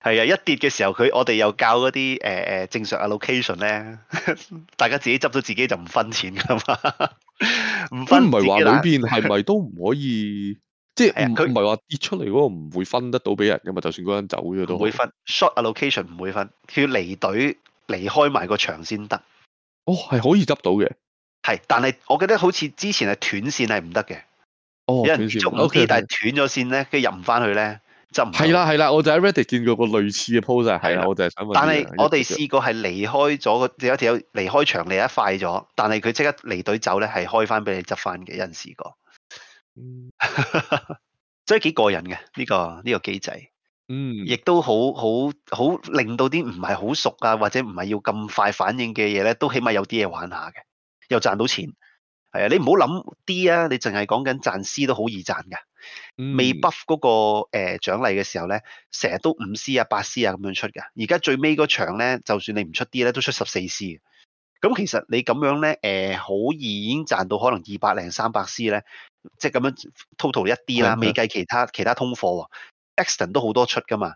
係啊，一跌嘅時候佢我哋又教嗰啲誒誒正常 allocation 咧，大家自己執到自己就唔分錢㗎嘛。唔 分唔係話裏邊係咪都唔可以？ 即係佢唔係話跌出嚟嗰個唔會分得到俾人㗎嘛？就算嗰個走咗都。唔會分 short allocation 唔會分，會分佢要離隊離開埋個場先得。哦，係可以執到嘅。係，但係我覺得好似之前係斷線係唔得嘅，有、哦、人捉啲，但係斷咗線咧，佢入唔翻去咧，就係啦，係啦，我就喺 Reddit 見過個類似嘅 post 係啦，我就係想問、這個、但係我哋試過係離開咗，有條離開場，另一塊咗，但係佢即刻離隊走咧，係開翻俾你執翻嘅，有人試過，真係幾過癮嘅呢、這個呢、這個機制，嗯，亦都好好好令到啲唔係好熟啊，或者唔係要咁快反應嘅嘢咧，都起碼有啲嘢玩下嘅。又賺到錢，係啊！你唔好諗啲啊！你淨係講緊賺絲都好易賺嘅、嗯。未 buff 嗰、嗰個、呃、獎勵嘅時候咧，成日都五絲啊、八絲啊咁樣出嘅。而家最尾嗰場咧，就算你唔出啲咧，都出十四絲。咁其實你咁樣咧，誒、呃、好容易已經賺到可能二百零三百絲咧，即係咁樣 total 一啲啦，未計其他其他通貨，exten 都好多的的好多出噶嘛。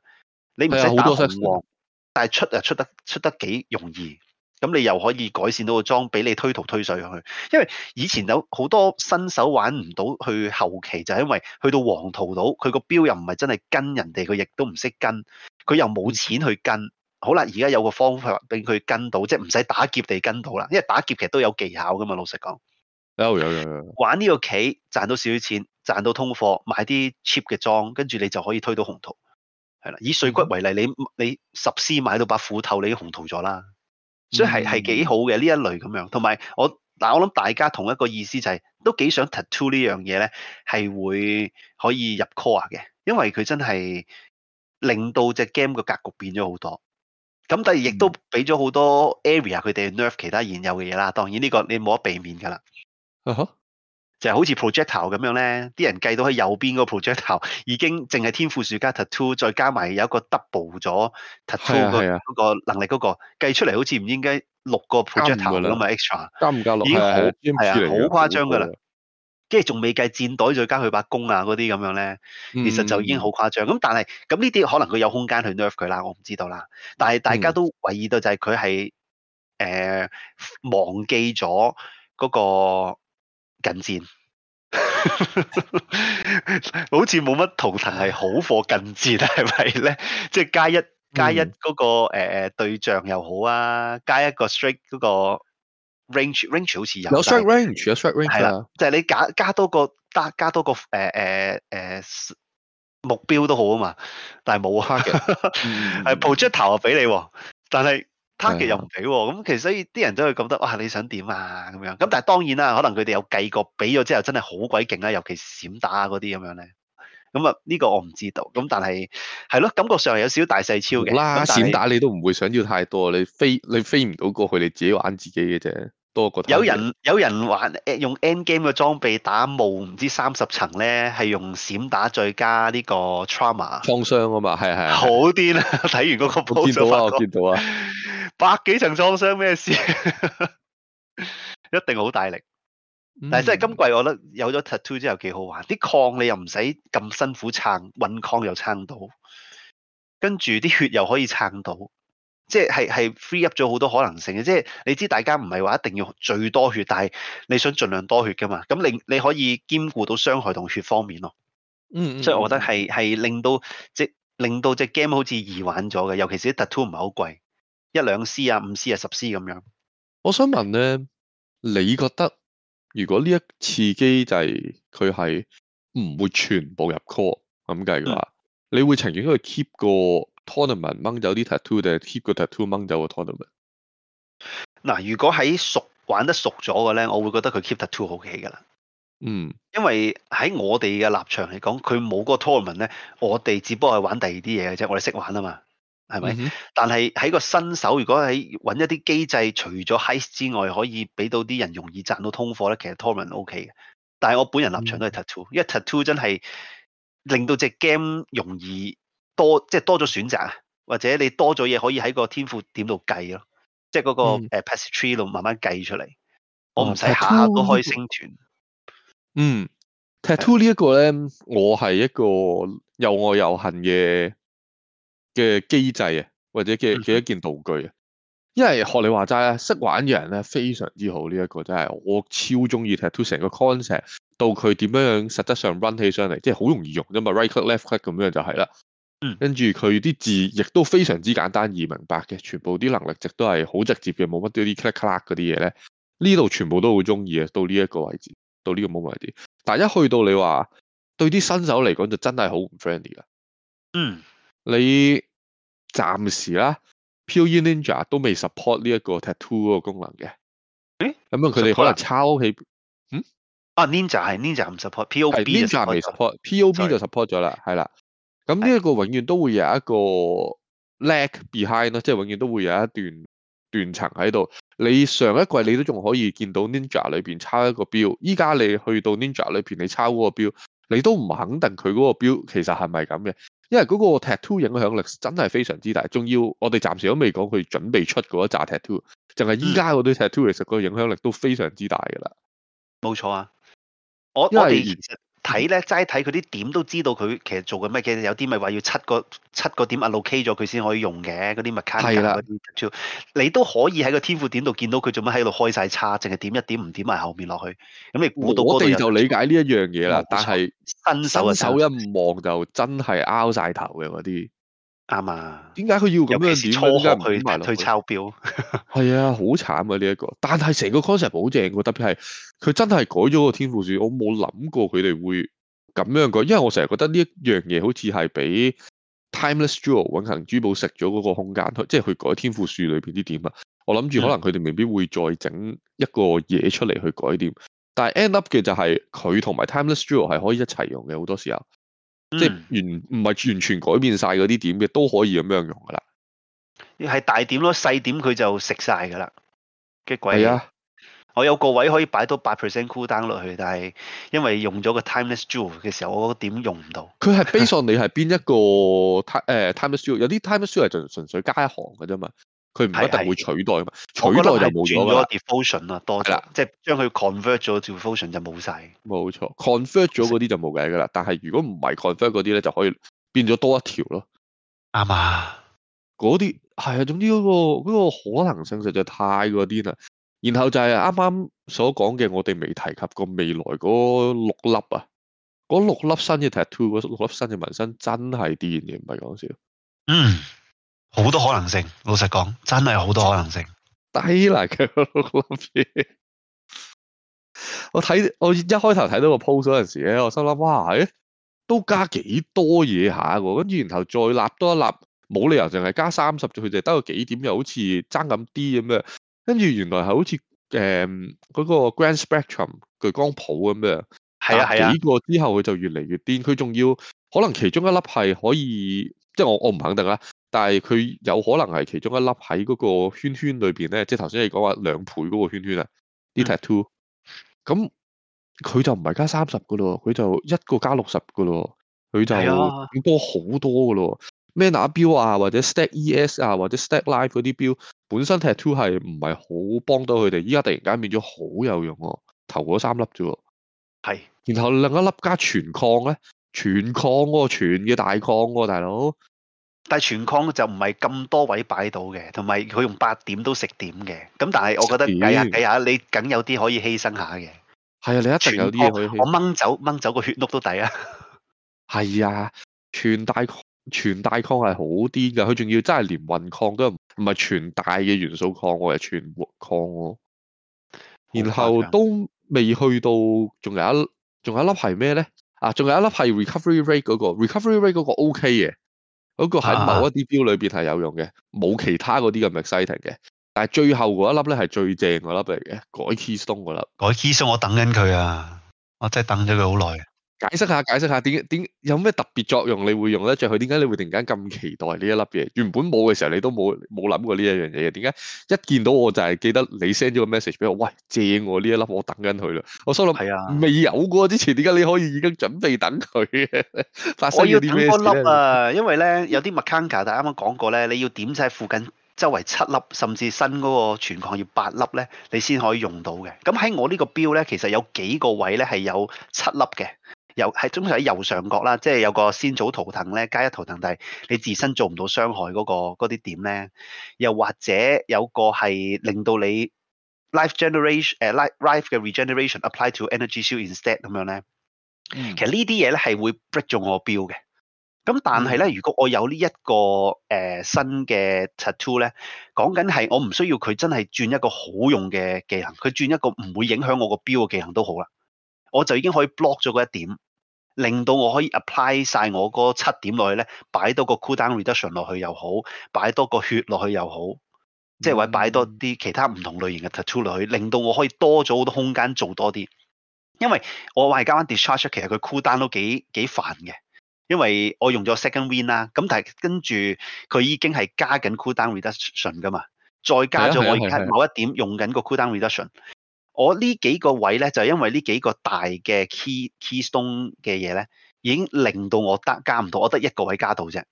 係好多出，但係出啊出得出得幾容易。咁你又可以改善到個裝，俾你推圖推上去。因為以前有好多新手玩唔到去後期，就係因為去到黃圖度，佢個標又唔係真係跟人哋，佢亦都唔識跟，佢又冇錢去跟。好啦，而家有個方法俾佢跟到，即係唔使打劫地跟到啦。因為打劫其實都有技巧噶嘛，老實講。有有有有，有。玩呢個棋賺到少少錢，賺到通貨買啲 cheap 嘅裝，跟住你就可以推到紅圖。係啦，以碎骨為例，你你十絲買到把斧頭，你已經紅圖咗啦。所以係係幾好嘅呢、嗯、一類咁樣，同埋我，嗱我諗大家同一個意思就係、係、都幾想 tattoo 呢樣嘢咧，係會可以入 core 嘅，因為佢真係令到隻 game 嘅格局變咗好多。咁但係亦都俾咗好多 area 佢哋 nerf 其他現有嘅嘢啦。當然呢個你冇得避免㗎啦。啊、uh-huh. 就好似 projectile 咁樣咧，啲人計到喺右邊個 projectile 已經淨係天賦樹加 tattoo，再加埋有一個 double 咗 tattoo 個嗰個能力嗰、那個計、啊啊那個、出嚟，好似唔應該六個 projectile 咁啊！extra 加唔加六已經好係啊，是啊，是啊，是啊誇張，好誇張噶啦！跟住仲未計箭袋，再加佢把弓啊嗰啲咁樣咧，其實就已經好誇張。咁、嗯、但係咁呢啲可能佢有空間去 nerf 佢啦，我唔知道啦。但係大家都留意到就係佢係誒忘記咗嗰、那個。近戰， 近戰，好似冇乜圖騰係好貨近戰係咪咧？即、就、係、是、加一、嗯、加一嗰、那個誒誒、呃、對象又好啊，加一個 straight 嗰個 range range 好似有，有 straight range，有 straight range 係、啊、啦，就係、是、你加加多個加加多個誒誒誒目標都好啊嘛，但係冇、嗯、 啊。嘅，係 pull 出一頭啊俾你，但係。他嘅又唔俾喎，咁、啊、其實所以啲人都會覺得，哇你想點啊咁樣，咁但係當然啦，可能佢哋有計過，俾咗之後真係好鬼勁啦，尤其是閃打嗰啲咁樣咧，咁啊呢個我唔知道，咁但係係咯，感覺上有少少大細超嘅啦。閃打你都唔會想要太多，你飛你飛唔到過去，你自己玩自己嘅啫。有，有人有人玩用 endgame 嘅裝備打墓唔知三十層咧，係用閃打再加呢個 trauma 創傷啊嘛，係係好癲啊！睇 完嗰個波就發哥、啊，我見到啊，見到啊，百幾層創傷咩事？ 一定好大力。但係真係今季我覺得有咗 tattoo 之後幾好玩，啲、嗯、礦你又唔使咁辛苦撐，運礦又撐到，跟住啲血又可以撐到。即係係 free up 咗好多可能性嘅，即係你知大家唔係話一定要最多血，但係你想儘量多血噶嘛？咁令你，你可以兼顧到傷害同血方面咯、嗯。嗯，所以我覺得係係令到即係令到隻 game 好似易玩咗嘅，尤其是啲 tattoo 唔係好貴，一兩 C 啊、五 C 啊、十 C 咁樣。我想問咧，你覺得如果呢一次機制佢係唔會全部入 call 咁計嘅話、嗯，你會情願去 keep 個？tournament 掹走啲 tattoo 定係 keep 個 tattoo 掹走個 tournament 嗱，如果喺熟玩得熟咗嘅咧，我會覺得佢 keep tattoo 好 OK 噶啦。嗯，因為喺我哋嘅立場嚟講，佢冇嗰個 tournament 咧，我哋只不過係玩第二啲嘢嘅啫。我哋識玩啊嘛，係咪、嗯？但係喺個新手，如果喺揾一啲機制，除咗 Heist 之外，可以俾到啲人容易賺到通貨咧，其實 tournament OK 嘅。但係我本人立場都係 tattoo，T2、嗯、因為 tattoo 真係令到隻 game 容易。多即係多咗選擇啊，或者你多咗嘢可以喺個天賦點度計咯，即係嗰個 pass tree 度慢慢計出嚟、嗯啊。我唔使下下都可以升團。嗯，Tattoo 呢是我是一個咧，我係一個又愛又恨嘅嘅機制啊，或者嘅嘅、嗯、一件道具啊。因為學你話齋啊，識玩嘅人咧，非常之好呢、這、一個真係，我超中意 Tattoo 成個 concept 到佢點樣實質上 run 起上嚟，即係好容易用啫嘛，right click left click 咁樣就係啦。嗯，跟住佢啲字亦都非常之簡單易明白嘅，全部啲能力值都係好直接嘅，冇乜啲啲 click click 嗰啲嘢咧。呢度全部都會中意嘅，到呢一個位置，到呢個 moment。但係一去到你話對啲新手嚟講，就真係好唔 friendly 噶。嗯，你暫時啦，POE Ninja 都未 support 呢一個 tattoo 個功能嘅。誒、嗯，咁啊，佢哋可能抄起，嗯，啊，Ninja 係 Ninja 唔 support，POB Ninja 未 support，POB、嗯、就 support 咗啦，係啦。咁呢一個永遠都會有一個 lag behind 咯，即係永遠都會有一段斷層喺度。你上一季你都仲可以見到 Ninja 裏邊抄一個標，依家你去到 Ninja 裏邊你抄嗰個標，你都唔肯定佢嗰個標其實係咪咁嘅，因為嗰個 Tattoo 影響力真係非常之大，仲要我哋暫時都未講佢準備出嗰一紮 Tattoo，淨係依家嗰啲 Tattoo 其實個影響力都非常之大㗎啦。冇錯啊，我我哋睇咧，齋睇佢啲點都知道佢其實做緊咩。其實有啲咪話要七個七個點啊 l o k 咗佢先可以用嘅嗰啲 m 卡 r 啦。啲你都可以喺個天賦點度見到佢做乜喺度開晒叉，淨係點一點唔點埋後面落去，咁你估到嗰我哋就理解呢一樣嘢啦，但係新手新手一望就真係拗晒頭嘅嗰啲。啱 啊！點解佢要咁樣亂拖去去抄表？係啊，好慘啊呢一個。但係成個 concept 好正喎，特別係佢真係改咗個天賦樹。我冇諗過佢哋會咁樣改，因為我成日覺得呢一樣嘢好似係比 Timeless Jewel 永恆珠寶食咗嗰個空間，即係去改天賦樹裏邊啲點啊。我諗住可能佢哋未必會再整一個嘢出嚟去改點，但係 end up 嘅就係佢同埋 Timeless Jewel 係可以一齊用嘅，好多時候。嗯、即係完唔係完全改變晒嗰啲點嘅都可以咁樣用噶啦、啊，係大點咯，細點佢就食晒噶啦。嘅鬼是啊！我有個位可以擺到八 percent cooldown 落去，但係因為用咗個 timeless jewel 嘅時候，我個點用唔到。佢係 base 你係邊一個 time 誒、 uh,？timeless jewel 有啲 timeless jewel 係純純粹加一行噶啫嘛。佢唔一定會取代嘛，是是取代就冇咗嘅。轉咗 devotion 啊，多係啦，即係將佢 convert 咗 to devotion 就冇晒。冇錯，convert 咗嗰啲就冇計噶啦。但係如果唔係 convert 嗰啲咧，就可以變咗多一條咯。啱、嗯、啊，嗰啲係啊，總之嗰、嗰個、嗰個可能性實在太過啲啦。然後就係啱啱所講嘅，我哋未提及過未來嗰六粒啊，嗰六粒新嘅 tattoo 六粒新嘅紋身真係癲嘅，唔係講笑。嗯。好多可能性，老實講，真係好多可能性。低啦，我睇我一開頭睇到個 post 嗰陣時咧，我心諗哇，係都加幾多嘢下嘅，跟住然後再納多一粒，冇理由淨係加三十，佢就得個幾點，又好似爭咁啲咁樣。跟住原來係好似誒嗰個 grand spectrum 巨光譜咁樣，係啊係啊。幾個之後佢就越嚟越癲，佢仲要可能其中一粒係可以，即係我我唔肯定啦。但係佢有可能係其中一粒喺嗰個圈圈裏邊咧，即係頭先你講話兩倍嗰個圈圈啊，啲 tattoo，咁佢就唔係加三十噶咯，佢就一個加六十噶咯，佢就咁多好多噶咯，咩拿標啊，或者 step es 啊，或者 step live 嗰啲標，本身 tattoo 係唔係好幫到佢哋，依家突然間變咗好有用、啊，投咗三粒啫，係，然後另一粒加全抗咧，全抗喎、啊，全嘅大抗喎、啊，大佬。但係全礦就唔係咁多位擺到嘅，同埋佢用八點都食點嘅。咁但係我覺得計下計下，你梗有啲可以犧牲下嘅。係啊，你一定有啲嘢可以犧牲。我掹走掹走個血碌都抵啊！係啊，全大全大礦係好啲㗎，佢仲要真係連混礦都唔係全大嘅元素礦，我係全活礦。然後都未去到，仲有一仲有一粒係咩咧？啊，仲有一粒係 recovery rate 嗰個 recovery rate 嗰個 OK 嘅。嗰、那個喺某一啲表裏面係有用嘅，冇、啊、其他嗰啲咁 exciting 嘅，但係最後嗰一粒呢係最正嗰粒嚟嘅，改 Keystone 嗰粒，改 Keystone 我等緊佢啊，我真係等咗佢好耐。解釋下，解釋下點點有咩特別作用？你會用得着佢？點解你會突然間咁期待呢一粒嘢？原本冇嘅時候，你都冇冇諗過呢一樣嘢嘅？點解一見到我，我就係記得你 send 咗個 message 俾我？喂，借我呢一粒，我等緊佢啦。我心諗係啊，未有過之前，點解你可以已經準備等佢嘅？ 發生呢啲咩事咧？我要等嗰粒啊，因為咧有啲 maka，大家啱啱講過咧，你要點曬附近周圍七粒，甚至新嗰個全礦要八粒咧，你先可以用到嘅。咁喺我呢個表咧，其實有幾個位咧係有七粒嘅。又係通常喺右上角啦，即係有個先祖圖騰咧，加一圖騰帝，但你自身做唔到傷害嗰、嗰個嗰啲點咧，又或者有個係令到你 life generation 誒、呃、life life 嘅 regeneration apply to energy shield instead 咁樣咧。其實呢啲嘢咧係會 break 咗我個標嘅。咁但係咧、嗯，如果我有、呢個呃、呢一個誒新嘅 tattoo 咧，講緊係我唔需要佢真係轉一個好用嘅技能，佢轉一個唔會影響我個標嘅技能都好啦，我就已經可以 block 咗嗰一點。令到我可以 apply 曬我嗰七點落去咧，擺多個 cool down reduction 落去又好，擺多個血落去又好，即係或者擺多啲其他唔同類型嘅 tattoo 落去，令到我可以多咗好多空間做多啲。因為我話加返 discharge，其實佢 cool down 都幾幾煩嘅，因為我用咗 second wind 啦，咁但係跟住佢已經係加緊 cool down reduction 噶嘛，再加咗我而家某一點用緊個 cool down reduction。我呢幾個位咧，就因為呢幾個大嘅 key Keystone 嘅嘢咧，已經令到我得加唔到，我得一個位加到啫。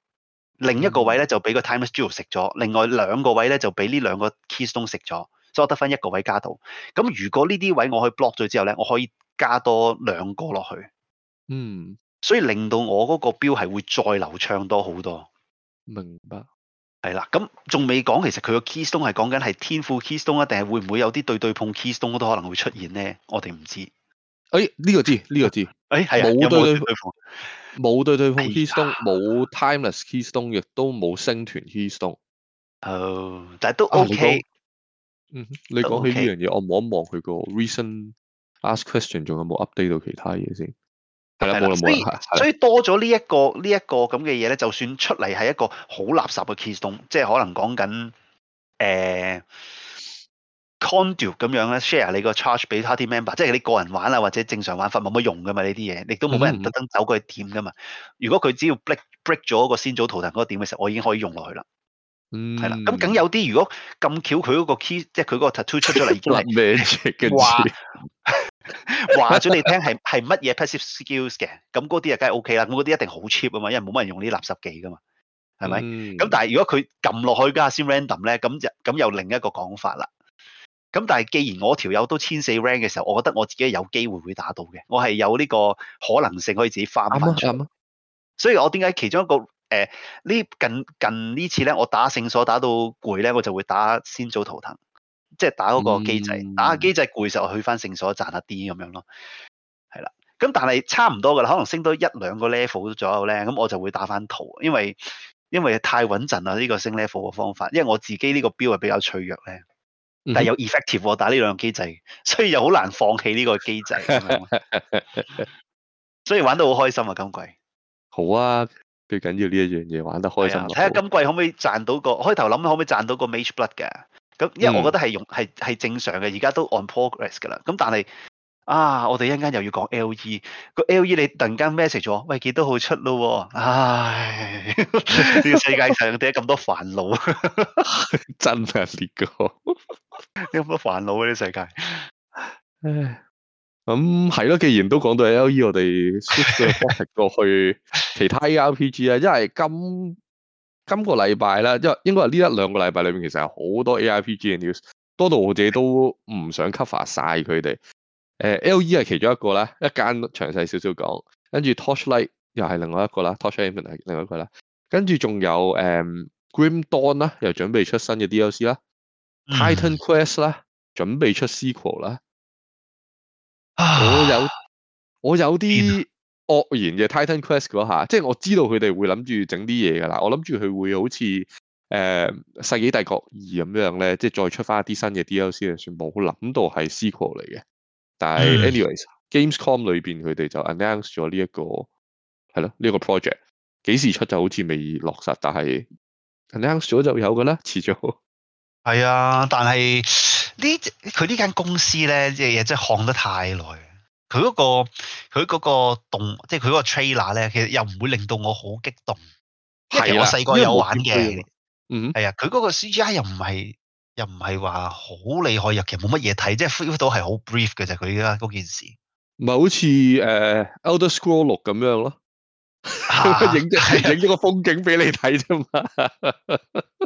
另一個位咧就俾個 Timeless Jewel 食咗，另外兩個位咧就俾呢兩個 Keystone 食咗，所以我得翻一個位加到。咁如果呢啲位我去 block 咗之後咧，我可以加多兩個落去。嗯，所以令到我嗰個標係會再流暢多好多。明白。係啦，咁仲未講，其實佢個 key stone 係講緊係天賦 key stone 啊，定係會唔會有啲對對碰 key stone 都可能會出現咧？我哋唔知。誒、欸，呢、這個知呢、這個知。誒、欸，係冇對，對對碰，冇對對碰 key stone，冇、哎、timeless key stone，亦都冇星團 key stone。哦，但係都 OK，啊。嗯，你講起呢樣嘢，okay. 我望一望佢個 recent ask question，仲有冇 update 到其他嘢先？係啊，所以所以多咗呢一個呢一個咁嘅嘢咧，就算出嚟係一個好垃圾嘅 keystone，即係可能講緊誒 conduit 咁樣咧，share 你個 charge 俾 party member，即係你個人玩啊，或者正常玩法冇乜用噶嘛呢啲嘢，亦都冇乜人特登走過去點噶嘛。如果佢只要 break break 咗個先祖圖騰嗰個點嘅時候，我已經可以用落去啦。嗯，係啦，咁梗有啲如果咁巧佢嗰個 key，即係佢個 Tattoo 出出嚟已經係 magic 嘅事。話 咗你聽係係乜嘢 passive skills 嘅，咁嗰啲啊梗係 OK 啦，咁嗰啲一定好 cheap 啊嘛，因為冇乜人用呢啲垃圾技噶嘛，係咪？咁、嗯、但係如果佢撳落去加先 random 咧，咁就咁又另一個講法啦。咁但係既然我條友都千四 rand 嘅時候，我覺得我自己有機會會打到嘅，我係有呢個可能性可以自己翻翻出。所以，我點解其中一個誒、呃、呢近近呢次咧，我打聖所打到攰咧，我就會打先祖圖騰。即係打嗰個機制，打個機制攰時，我去翻聖所賺一啲咁樣咯，係啦。咁但係差唔多噶啦，可能升多一兩個 level 左右咧，咁我就會打翻圖，因為因為太穩陣啦呢個升 level 嘅方法，因為我自己呢個 build 係比較脆弱咧，但係有 effective 我打呢兩機制，所以又好難放棄呢個機制。所以玩到好開心啊！今季好啊，最緊要呢一樣嘢玩得開心好。睇下今季可唔可以賺到個，開頭諗可唔可以賺到個 Mageblood 嘅。咁因為我覺得係用係係正常嘅，而、嗯、家都按 progress 㗎啦。咁但係啊，我哋一陣間又要講 LE 個 LE，你突然間 message 咗，喂，見到好出咯喎！唉，呢 個世界上點解咁多煩惱啊？ 真啊，烈哥，有乜煩惱啊？呢世界，唉，咁係咯。既然都講到 LE，我哋 shift 個 topic 過去 其他 ARPG 啊，因為今今個禮拜啦，因為應該係呢一兩個禮拜裏面，其實有好多 ARPG 嘅 news，多到我自己都唔想 cover 晒佢哋。誒、uh，L.E 係其中一個啦，一間詳細少少講，跟住 Torchlight 又係另外一個啦，Torch Infinite 係另外一個啦，跟住仲有誒、um, Grim Dawn 啦，又準備出新嘅 DLC 啦、嗯、Titan Quest 啦，準備出 sequel 啦，我有我有啲。愕然嘅 Titan Quest 嗰下，即係我知道佢哋會諗住整啲嘢噶啦。我諗住佢會好似誒、呃、世紀帝國二咁樣咧，即係再出翻啲新嘅 DLC 就算。冇諗到係 sequel 嚟嘅，但係 anyways Gamescom 裏邊佢哋就 announce 咗呢一個係咯，呢個 project 幾時出就好似未落實，但係 announce 咗就有噶啦，遲早係啊。但係呢佢呢間公司咧，即係真係看得太耐。佢嗰、嗰個佢個動，即係佢嗰個 trailer 咧，其實又唔會令到我好激動。係、啊、因為我細個有玩嘅、啊，嗯，係啊。佢嗰個 C G I 又唔係又唔係話好厲害，又其實冇乜嘢睇，即係 feel 到係好 brief 嘅啫。佢而家嗰件事，唔係好似誒《uh, Elder Scroll 六》咁樣咯。影咗影咗個風景俾你睇啫嘛，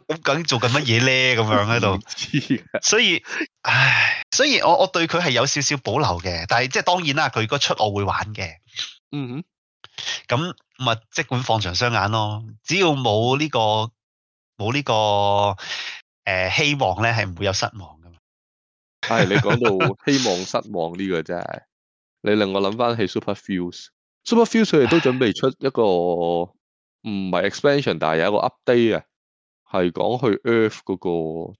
咁 究竟做緊乜嘢咧？咁樣喺度，所以， 唉，所以我我對佢係有少少保留嘅，但係即係當然啦，佢嗰出我會玩嘅，嗯，咁咪即管放長雙眼咯，只要冇呢、這個冇呢、這個誒、呃、希望咧，係唔會有失望噶嘛、哎。係你講到希望失望呢個真係， 你令我諗翻起 Superfuse Super Fusion 都準備出一個唔係 expansion，但係有一個 update 啊，係講去 Earth 嗰個，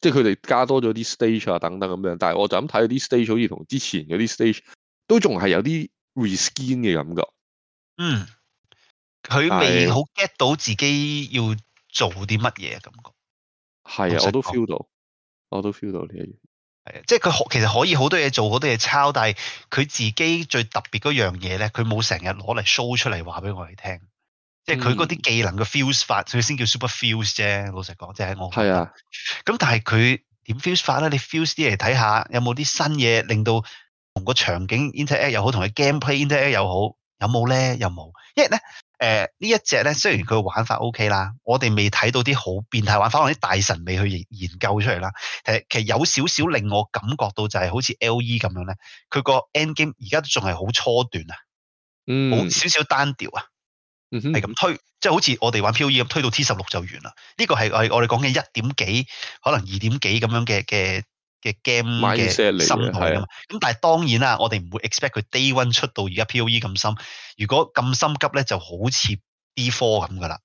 即係佢哋加多咗啲 stage 啊等等咁樣。但係我就咁睇嗰啲 stage 好似同之前嗰啲 stage 都仲係有啲 reskin 嘅感覺。嗯，佢未好 get 到自己要做啲乜嘢感覺。係啊，我都 feel 到，我都 feel 到呢一樣。即係佢可其實可以好多嘢做，好多嘢抄，但係佢自己最特別嗰樣嘢咧，佢冇成日攞嚟 show 出嚟話俾我哋聽。嗯。即係佢嗰啲技能嘅 fuse 法，佢先叫 super fuse 啫。老實講，即係我覺得。係啊。咁但係佢點 fuse 法咧？你 fuse 啲嚟睇下，有冇啲新嘢令到同個場景 interact 又好，同佢 game play interact 又好，有冇咧？有冇？因為咧。誒、呃，一隻呢一隻咧，雖然佢玩法 O、OK、K 啦，我哋未睇到啲好變態玩法，我啲大神未去研究出嚟啦。其實其實有少少令我感覺到就係好似 L E 咁樣咧，佢個 end game 而家都仲係好初段啊，嗯，好少少單調啊，係、嗯、咁推，即係好似我哋玩 POE 咁，推到 T 十六就完啦。呢、這個係我我哋講嘅一點幾，可能二點幾咁樣嘅嘅。嘅 game 嘅深度啊嘛，咁但係當然啦，我哋唔會 expect 佢 Day One 出到而家 P O E 咁深。如果咁心急咧，就好似 D Four 咁噶啦。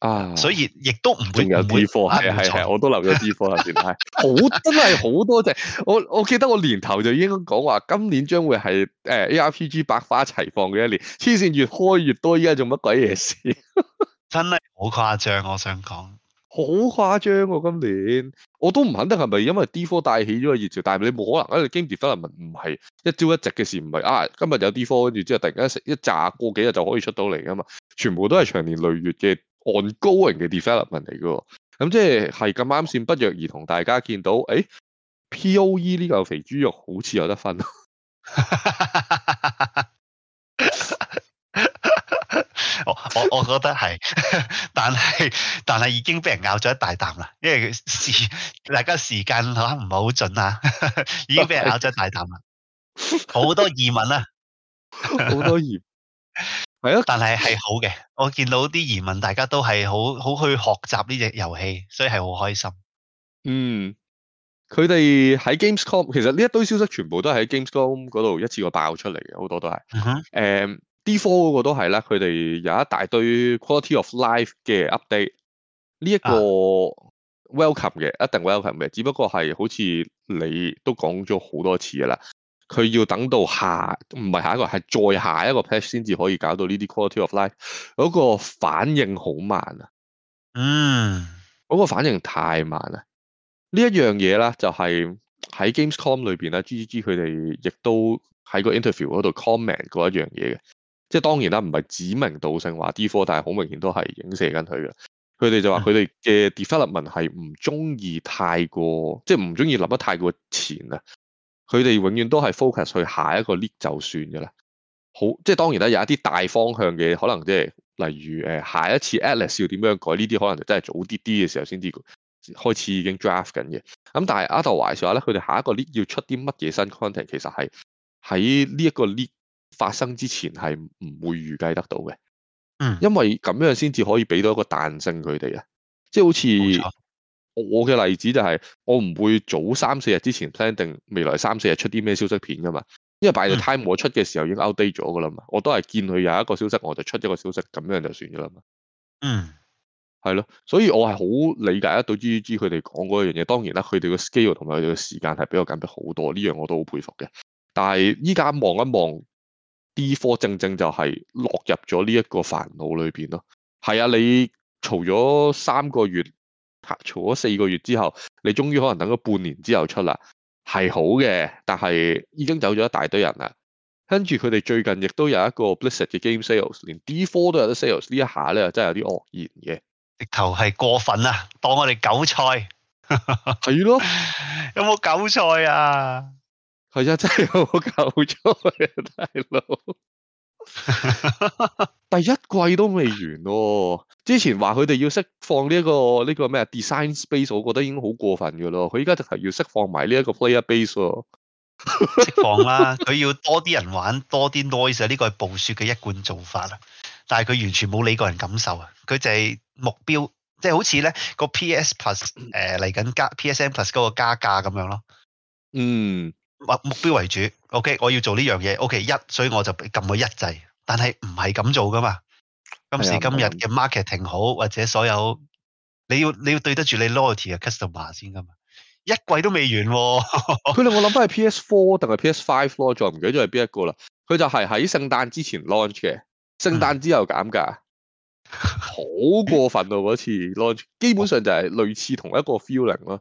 啊，所以亦都唔會。仲有 D Four 係係係，我都留咗 D Four 喺度。係 好真係好多隻， 我我記得我年頭就已經講話今年將會係誒 A R P G 百花齊放嘅一年。黐線，越開越多，而家做乜鬼嘢事？ 真係好誇張，我想講。好誇張喎、啊！今年我都唔肯定係咪因為 D 科帶起咗個熱潮，但係你冇可能因、啊、度 game development 唔係一朝一夕嘅事，唔係啊今日有 D 科跟住之後，突然間一一集過幾日就可以出到嚟噶嘛？全部都係長年累月嘅按高 g 嘅 development 嚟噶。咁即係係咁啱線不約而同，大家見到誒、哎、POE 呢個肥豬肉好似有得分、啊。 我我覺得係，但係但係已經俾人咬咗一大啖啦，因為時大家時間可唔係好準啊，已經俾人咬咗一大啖啦，好 多疑問啦， 是是好多疑係啊，但係係好嘅，我見到啲疑問，大家都係好好去學習呢隻遊戲，所以係好開心。嗯，佢哋喺 Gamescom，其實呢一堆消息全部都係喺 Gamescom 嗰度一次過爆出嚟嘅，好多都係，誒、uh-huh. um。D4 嗰個都係啦，佢哋有一大堆 quality of life 嘅 update，呢一個 welcome 嘅、啊，一定 welcome 嘅。只不過係好似你都講咗好多次噶啦，佢要等到下唔係下一個係再下一個 patch 先至可以搞到呢啲 quality of life，嗰個反應好慢啊。嗯，嗰個反應太慢啦。呢、嗯、一樣嘢咧就係喺 Gamescom 裏面咧，G G G 佢哋亦都喺個 interview 嗰度 comment 過一樣嘢嘅。即係當然啦，唔係指名道姓話啲科，D4，但係好明顯都係影射緊佢嘅。佢哋就話佢哋嘅 development 係唔中意太過，嗯、即係唔中意諗得太過前啊。佢哋永遠都係 focus 去下一個 lead 就算嘅啦。好，即係當然啦，有一啲大方向嘅可能，即係例如誒下一次 Atlas 要點樣改呢啲，可能就真、是、係早啲啲嘅時候先至開始已經 draft 緊嘅。咁但係阿道懷嘅話咧，佢哋下一個 lead 要出啲乜嘢新 content，其實係喺呢一個 lead，發生之前係唔會預計得到嘅，嗯，因為咁樣先至可以俾到一個彈性佢哋啊，即係好似我嘅例子就係、是、我唔會早三四日之前 plan 定未來三四日出啲咩消息片噶嘛，因為 by the time 我出嘅時候已經 outdate 咗㗎啦嘛，我都係見佢有一個消息我就出一個消息，咁樣就算咗啦嘛，嗯，係咯，所以我係好理解得到 GGG 佢哋講嗰樣嘢，當然啦，佢哋嘅 schedule 同埋佢哋嘅時間係比我緊迫好多，呢樣我都好佩服嘅，但係依家望一望。D4 正正就係落入咗呢一個煩惱裏面咯。係啊，你嘈咗三個月，嘈咗四個月之後，你終於可能等咗半年之後出啦。係好嘅，但係已經走咗一大堆人啦。跟住佢哋最近亦都有一個 Blizzard 嘅 game sales，連 D4 都有得 sales。呢一下咧真係有啲愕然嘅，直頭係過分啊！當我哋韭菜係 是咯， 有冇韭菜啊？係啊，真係好夠咗啊，大佬！ 第一季都未完喎、哦，之前話佢哋要釋放呢、這、一個呢、這個咩 Design Space，我覺得已經好過分嘅咯。佢依家就係要釋放埋呢一個 Player Base 釋、哦、 放啦、啊。佢要多啲人玩，多啲 noise，呢個係暴雪嘅一貫做法啦。但係佢完全冇理過人感受啊！佢就係目標，即、就、係、是、好似咧個 PS Plus 誒嚟緊加 PSN Plus 嗰個加價咁樣咯。嗯。目目標為主，OK，我要做呢樣嘢，OK，一，所以我就撳個一制。但係唔係咁做噶嘛？今時今日嘅 marketing 好，或者所有你要你要對得住你 loyalty 嘅 customer 先噶嘛？一季都未完、哦，佢 哋我諗翻係 PS four 定係 PS five launch 唔記得咗係邊一個啦。佢就係喺聖誕之前 launch 嘅，聖誕之後減價，好、嗯、過分啊！嗰次 launch 基本上就係類似同一個 feeling 咯。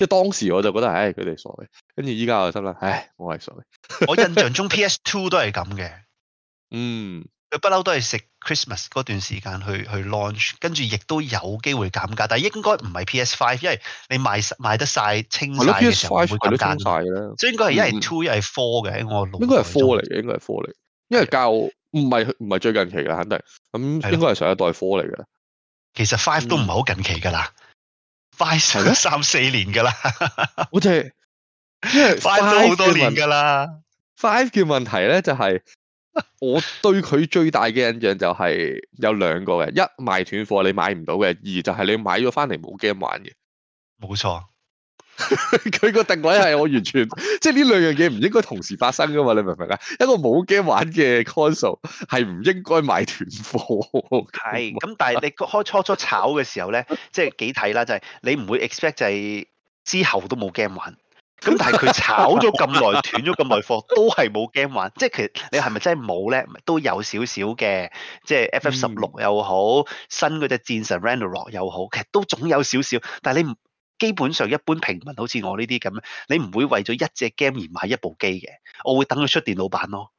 即係當時我就覺得係佢哋傻嘅，跟住依家我就得啦，唉，我係傻嘅。我印象中 PS Two 都係咁嘅，嗯，佢不嬲都係食 Christmas 嗰段時間去去 launch，跟住亦都有機會減價，但係應該唔係 PS Five，因為你賣賣得晒清曬嘅時候會減價。所以應該係一係 two 一係 four 嘅，我應該係 four 嚟嘅，應該係 four 嚟，因為舊唔係唔係最近期嘅，肯定咁、嗯、應該係上一代 four 嚟嘅。其實 five 都唔係好近期㗎啦。嗯快成三四年噶啦、啊，好似快咗好多年噶啦。five 嘅問題咧就係、是，我對佢最大嘅印象就係有兩個嘅，一賣斷貨你買唔到嘅，二就係、是、你買咗翻嚟冇機玩嘅。冇錯。佢 個定位係我完全， 即係呢兩樣嘢唔應該同時發生噶嘛？你明唔明啊？ 一個冇 game 玩嘅 console 係唔應該買斷貨。係 咁，但係你開初初炒嘅時候咧，即係幾睇啦，就係、是就是、你唔會 expect 就係之後都冇 game 玩。咁但係佢炒咗咁耐，斷咗咁耐貨，都係冇 game 玩。即係其實你係咪真係冇咧？都有少少嘅，即係 FF 十六又好， 新嗰隻戰神 Ragnarok 又好，其實都總有少少。但係你唔。基本上一般平民好似我呢啲咁，你唔會為咗一隻 game 而買一部機嘅，我會等佢出電腦版咯。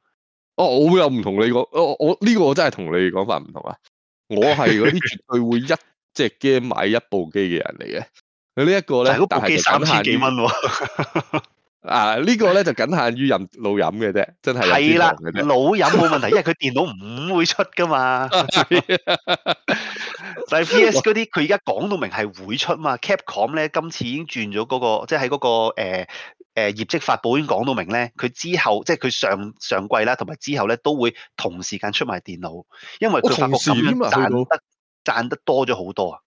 哦，我有唔同你講、哦，我我呢、呢個我真係同你講法唔同啊！我係嗰啲絕對會一隻 game 買一部機嘅人嚟嘅。你、呢個、呢一個咧，但係三千幾蚊喎。 啊！這個、呢個咧就僅限於老任嘅啫，真係係啦，老任冇問題， 因為佢電腦唔會出噶嘛。 但係 PS 嗰啲，佢而家講到明係會出嘛。Capcom 咧，今次已經轉咗嗰個，即係喺嗰個誒誒、呃呃、業績發佈已經講到明咧，佢之後即係佢上上季啦，同埋之後咧都會同時間出埋電腦，因為佢發覺咁賺得賺得多咗好多啊。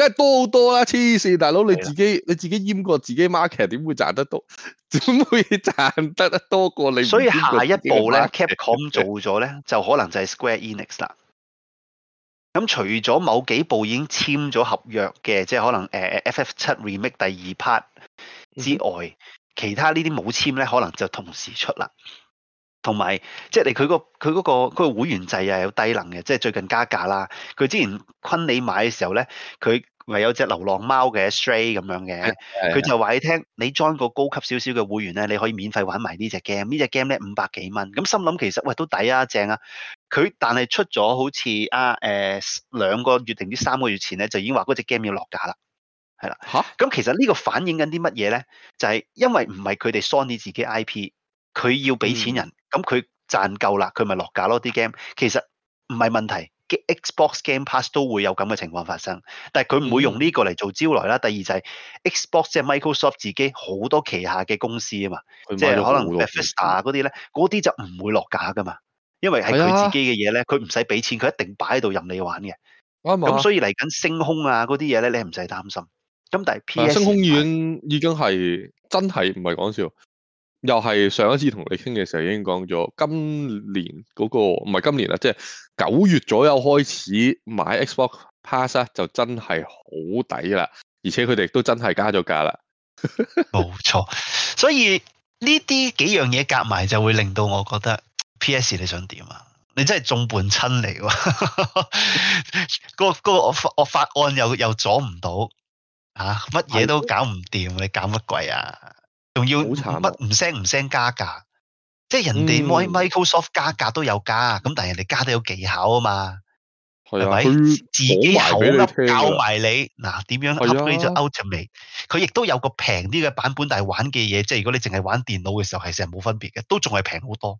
梗係多好多啦！黐線，大佬你自己你自己閹過自己 market，點會賺得多？點會賺得得多過你過？所以下一步咧，Capcom 做咗咧，就可能就係 Square Enix 啦。咁除咗某幾部已經簽咗合約嘅，即係可能誒、呃、FF 七 Remake 第二 part 之外，嗯、其他呢啲冇簽咧，可能就同時出啦。同埋，即係你佢個佢嗰個佢個會員制啊，有低能嘅，即係最近加價啦。佢之前昆你買嘅時候咧，佢。唯有隻流浪貓嘅 Stray 咁樣嘅，佢就話你聽，你 join 個高級少少嘅會員咧，你可以免費玩埋、這個、呢隻 game，呢隻 game 咧五百幾蚊，咁心諗其實喂都抵啊正啊，佢但係出咗好似啊誒兩、呃、個月定啲三個月前咧就已經話嗰隻 game 要落架啦，係啦，咁、啊、其實呢個反映緊啲乜嘢咧？就係、是、因為唔係佢哋 Sony 自己 IP，佢要俾錢人，咁佢賺夠啦，佢咪落架咯啲 game，其實唔係問題。Xbox Game Pass 都會有咁嘅情況發生，但係佢唔會用呢個嚟做招來啦。嗯、第二就係 Xbox 即係 Microsoft 自己好多旗下嘅公司啊嘛，即係可能 Epic 啊嗰啲咧，嗰啲就唔會落架㗎嘛，因為係佢自己嘅嘢咧，佢唔使俾錢，佢一定擺喺度任你玩嘅。啱、啊、咁所以嚟緊星空啊嗰啲嘢咧，你唔使擔心。咁但係星空院已經已經係真係唔係講笑。又係上一次同你傾嘅時候已經講咗，今年嗰、嗰個唔係今年啦，即係九月左右開始買 Xbox Pass 就真係好抵啦，而且佢哋都真係加咗價啦。冇錯，所以呢啲幾樣嘢夾埋就會令到我覺得，PS 你想點啊？你真係眾叛親離喎，呵呵嗰個個個法法案又又阻唔到，吓，乜嘢都搞唔掂，你搞乜鬼啊？仲要乜唔聲唔聲加價，啊嗯、即係人哋 Microsoft 加價都有加，咁、嗯、但係人哋加都有技巧啊嘛，係咪、啊？自己口粒教埋你嗱，點、啊、樣 upgrade 咗 Ultimate，佢亦都有個平啲嘅版本，但係玩嘅嘢，即係如果你淨係玩電腦嘅時候，係成日冇分別嘅，都仲係平好多。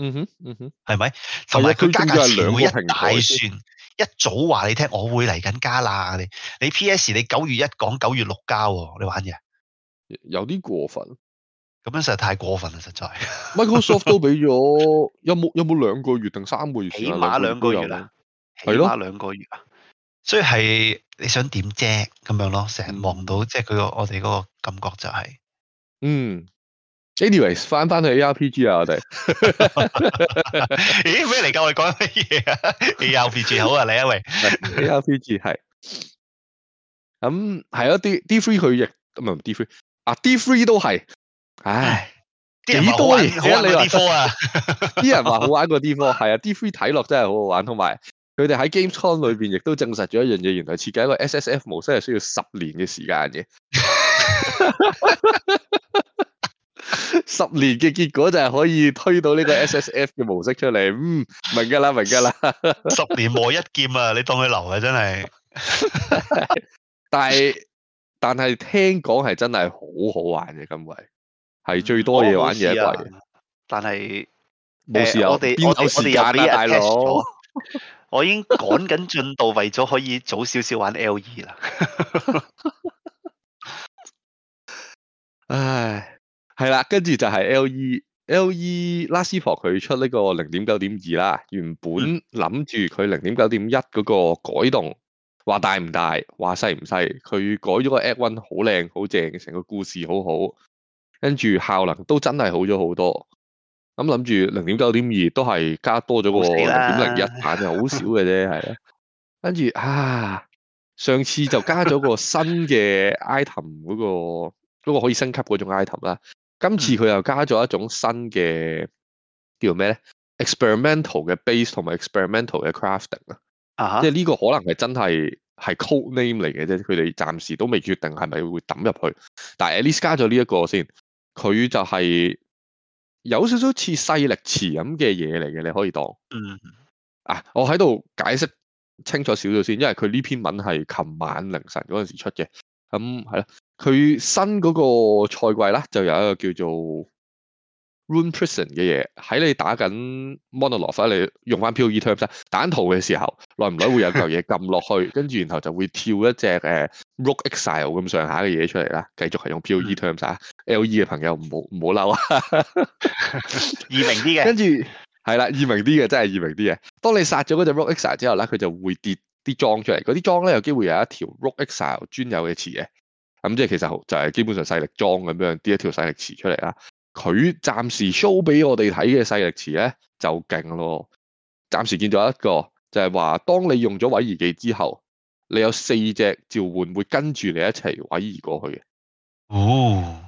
嗯哼，嗯哼，係咪？同埋佢加價前會一大算，啊、一早話你聽，我會嚟緊加啦。你你 PS 你九月一講九月六加喎、哦，你玩嘢。有啲過分，咁樣實在是太過分啦，實在。 Microsoft 都俾咗，有冇有冇兩個月定三個月，兩個月？起碼兩個月啦，係咯，起碼兩個月啊。所以係你想點啫？咁樣咯，成日望到，嗯、即係佢個我哋嗰個感覺就係、是，嗯。Anyways，翻翻去 A R P G 啊，我哋。 咦？咩嚟噶？我哋講乜嘢啊？A R P G 好啊，你一位。A R P G 係，咁係咯，D D three 佢亦唔係唔 D three。Um, 啊 D three 都係，唉，好幾多年？覺得你話啲人話好玩過 D four，係啊 D three 睇落真係好好玩，同埋佢哋喺 game 倉裏邊亦都證實咗一樣嘢，原來設計一個 SSF 模式係需要十年嘅時間嘅， 十年嘅結果就係可以推到呢個 SSF 嘅模式出嚟，嗯，明㗎啦，明㗎啦，十年磨一劍啊，你當佢流啊真係， 但係。但係聽講係真係好好玩嘅，今季係最多嘢玩嘅一季。但係冇事啊，是呃、事我哋我有時間啊，大佬，我， 我已經趕緊進度，為咗可以早少少玩 LE 啦。 唉，係啦，跟住就係 LE LE 拉斯婆佢出呢個零點九點二啦，原本諗住佢零點九點一嗰個改動。話大唔大，話細唔細，佢改咗個 act one 好靚，好正，成個故事好好，跟住效能都真係好咗好多。咁諗住零點九點二都係加多咗個零點零一，但就好少嘅啫，係啊，跟住啊，上次就加咗個新嘅 item 嗰、那個，嗰、那個可以升級嗰種 item 啦。今次佢又加咗一種新嘅，叫做咩咧？experimental 嘅 base 同埋 experimental 嘅 crafting 啊。啊！即係呢個可能係真係係 code name 嚟嘅啫，佢哋暫時都未決定係咪會抌入去，但係 at least 加咗呢一個先，佢就係有少少似勢力詞咁嘅嘢嚟嘅，你可以當嗯啊，我喺度解釋清楚少少先，因為佢呢篇文係琴晚凌晨嗰陣時出嘅，咁係啦，佢新嗰個賽季啦，就有一個叫做 Rune Prison 嘅嘢喺你打緊 Monolith，你用翻 POE terms 打蛋圖嘅時候，耐唔耐會有嚿嘢撳落去，跟 住然後就會跳一隻誒、uh, Rogue Exile 咁上下嘅嘢出嚟啦。繼續係用 POE terms、嗯、啊，LE 嘅朋友唔好唔好嬲啊！易明啲嘅，跟住係啦，易明啲嘅，真係易明啲嘅。當你殺咗嗰隻 Rogue Exile 之後咧，佢就會跌啲裝出嚟，嗰啲裝咧有機會有一條 Rogue Exile 專有嘅詞嘅。咁即係其實就係基本上勢力裝咁樣跌一條勢力詞出嚟啦。佢暫時 show 俾我哋睇嘅勢力詞咧就勁咯，暫時見到一個就係話，當你用咗位移技之後，你有四隻召喚會跟住你一齊位移過去嘅。哦，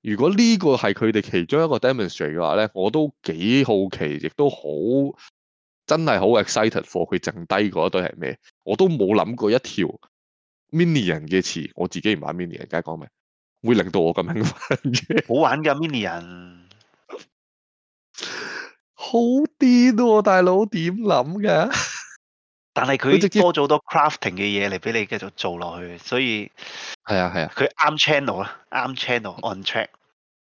如果呢個係佢哋其中一個 demonstrate 嘅話咧，我都幾好奇，亦都好真係好 excited for 佢剩低嗰一堆係咩？我都冇諗過一條 minion 嘅詞，我自己唔玩 minion，梗係講明。會令到我咁興奮嘅， 好玩噶，mini 人，好癲喎，大佬點諗嘅？但係佢多咗好多 crafting 嘅嘢嚟俾你繼續做落去，所以係啊係啊，佢啱 channel 啊，啱 channel, channel on track。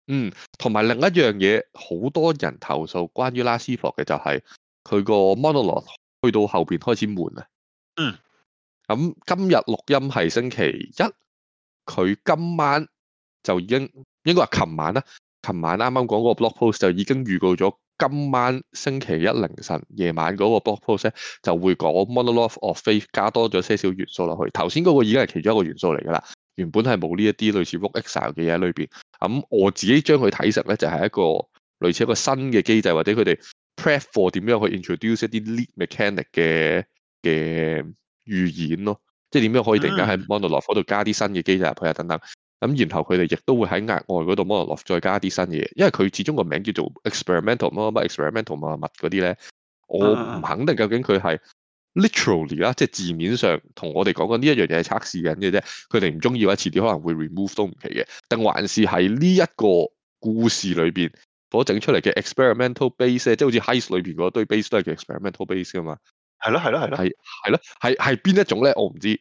嗯，同埋另一樣嘢，好多人投訴關於 Last Epoch 嘅就係、是、佢個 monolith 去到後邊開始悶啊。嗯。咁今日錄音係星期一，佢今晚。就已經應該話，琴晚啦，琴晚啱啱講嗰個 blog post 就已經預告咗，今晚星期一凌晨夜晚嗰個 blog post 咧就會講 Monolith of Fate 加多咗些少元素落去。頭先嗰個已經係其中一個元素嚟㗎啦，原本係冇呢一啲類似 Rogue Exile 嘅嘢喺裏邊。咁我自己將佢睇實咧，就係一個類似一個新嘅機制，或者佢哋 plan for 點樣去 introduce 一啲 league mechanic 嘅嘅預演咯，即係點樣可以突然間喺 Monolith 度加啲新嘅機制入去啊等等。咁然後佢哋亦都會喺額外嗰度 mod 落再加啲新嘢，因為佢始終個名叫做 experimental 乜乜 experimental 乜乜嗰啲咧，我唔肯定究竟佢係 literally 啦，即係字面上同我哋講緊呢一樣嘢係測試緊嘅啫。佢哋唔中意嘅話，遲啲可能會 remove 都唔奇嘅。定還是係呢一個故事裏邊所整出嚟嘅 experimental base，即係好似 Heist 裏邊嗰堆 base 都係叫 experimental base 噶嘛是？係咯係咯係咯係係咯係係，邊一種咧？我唔知。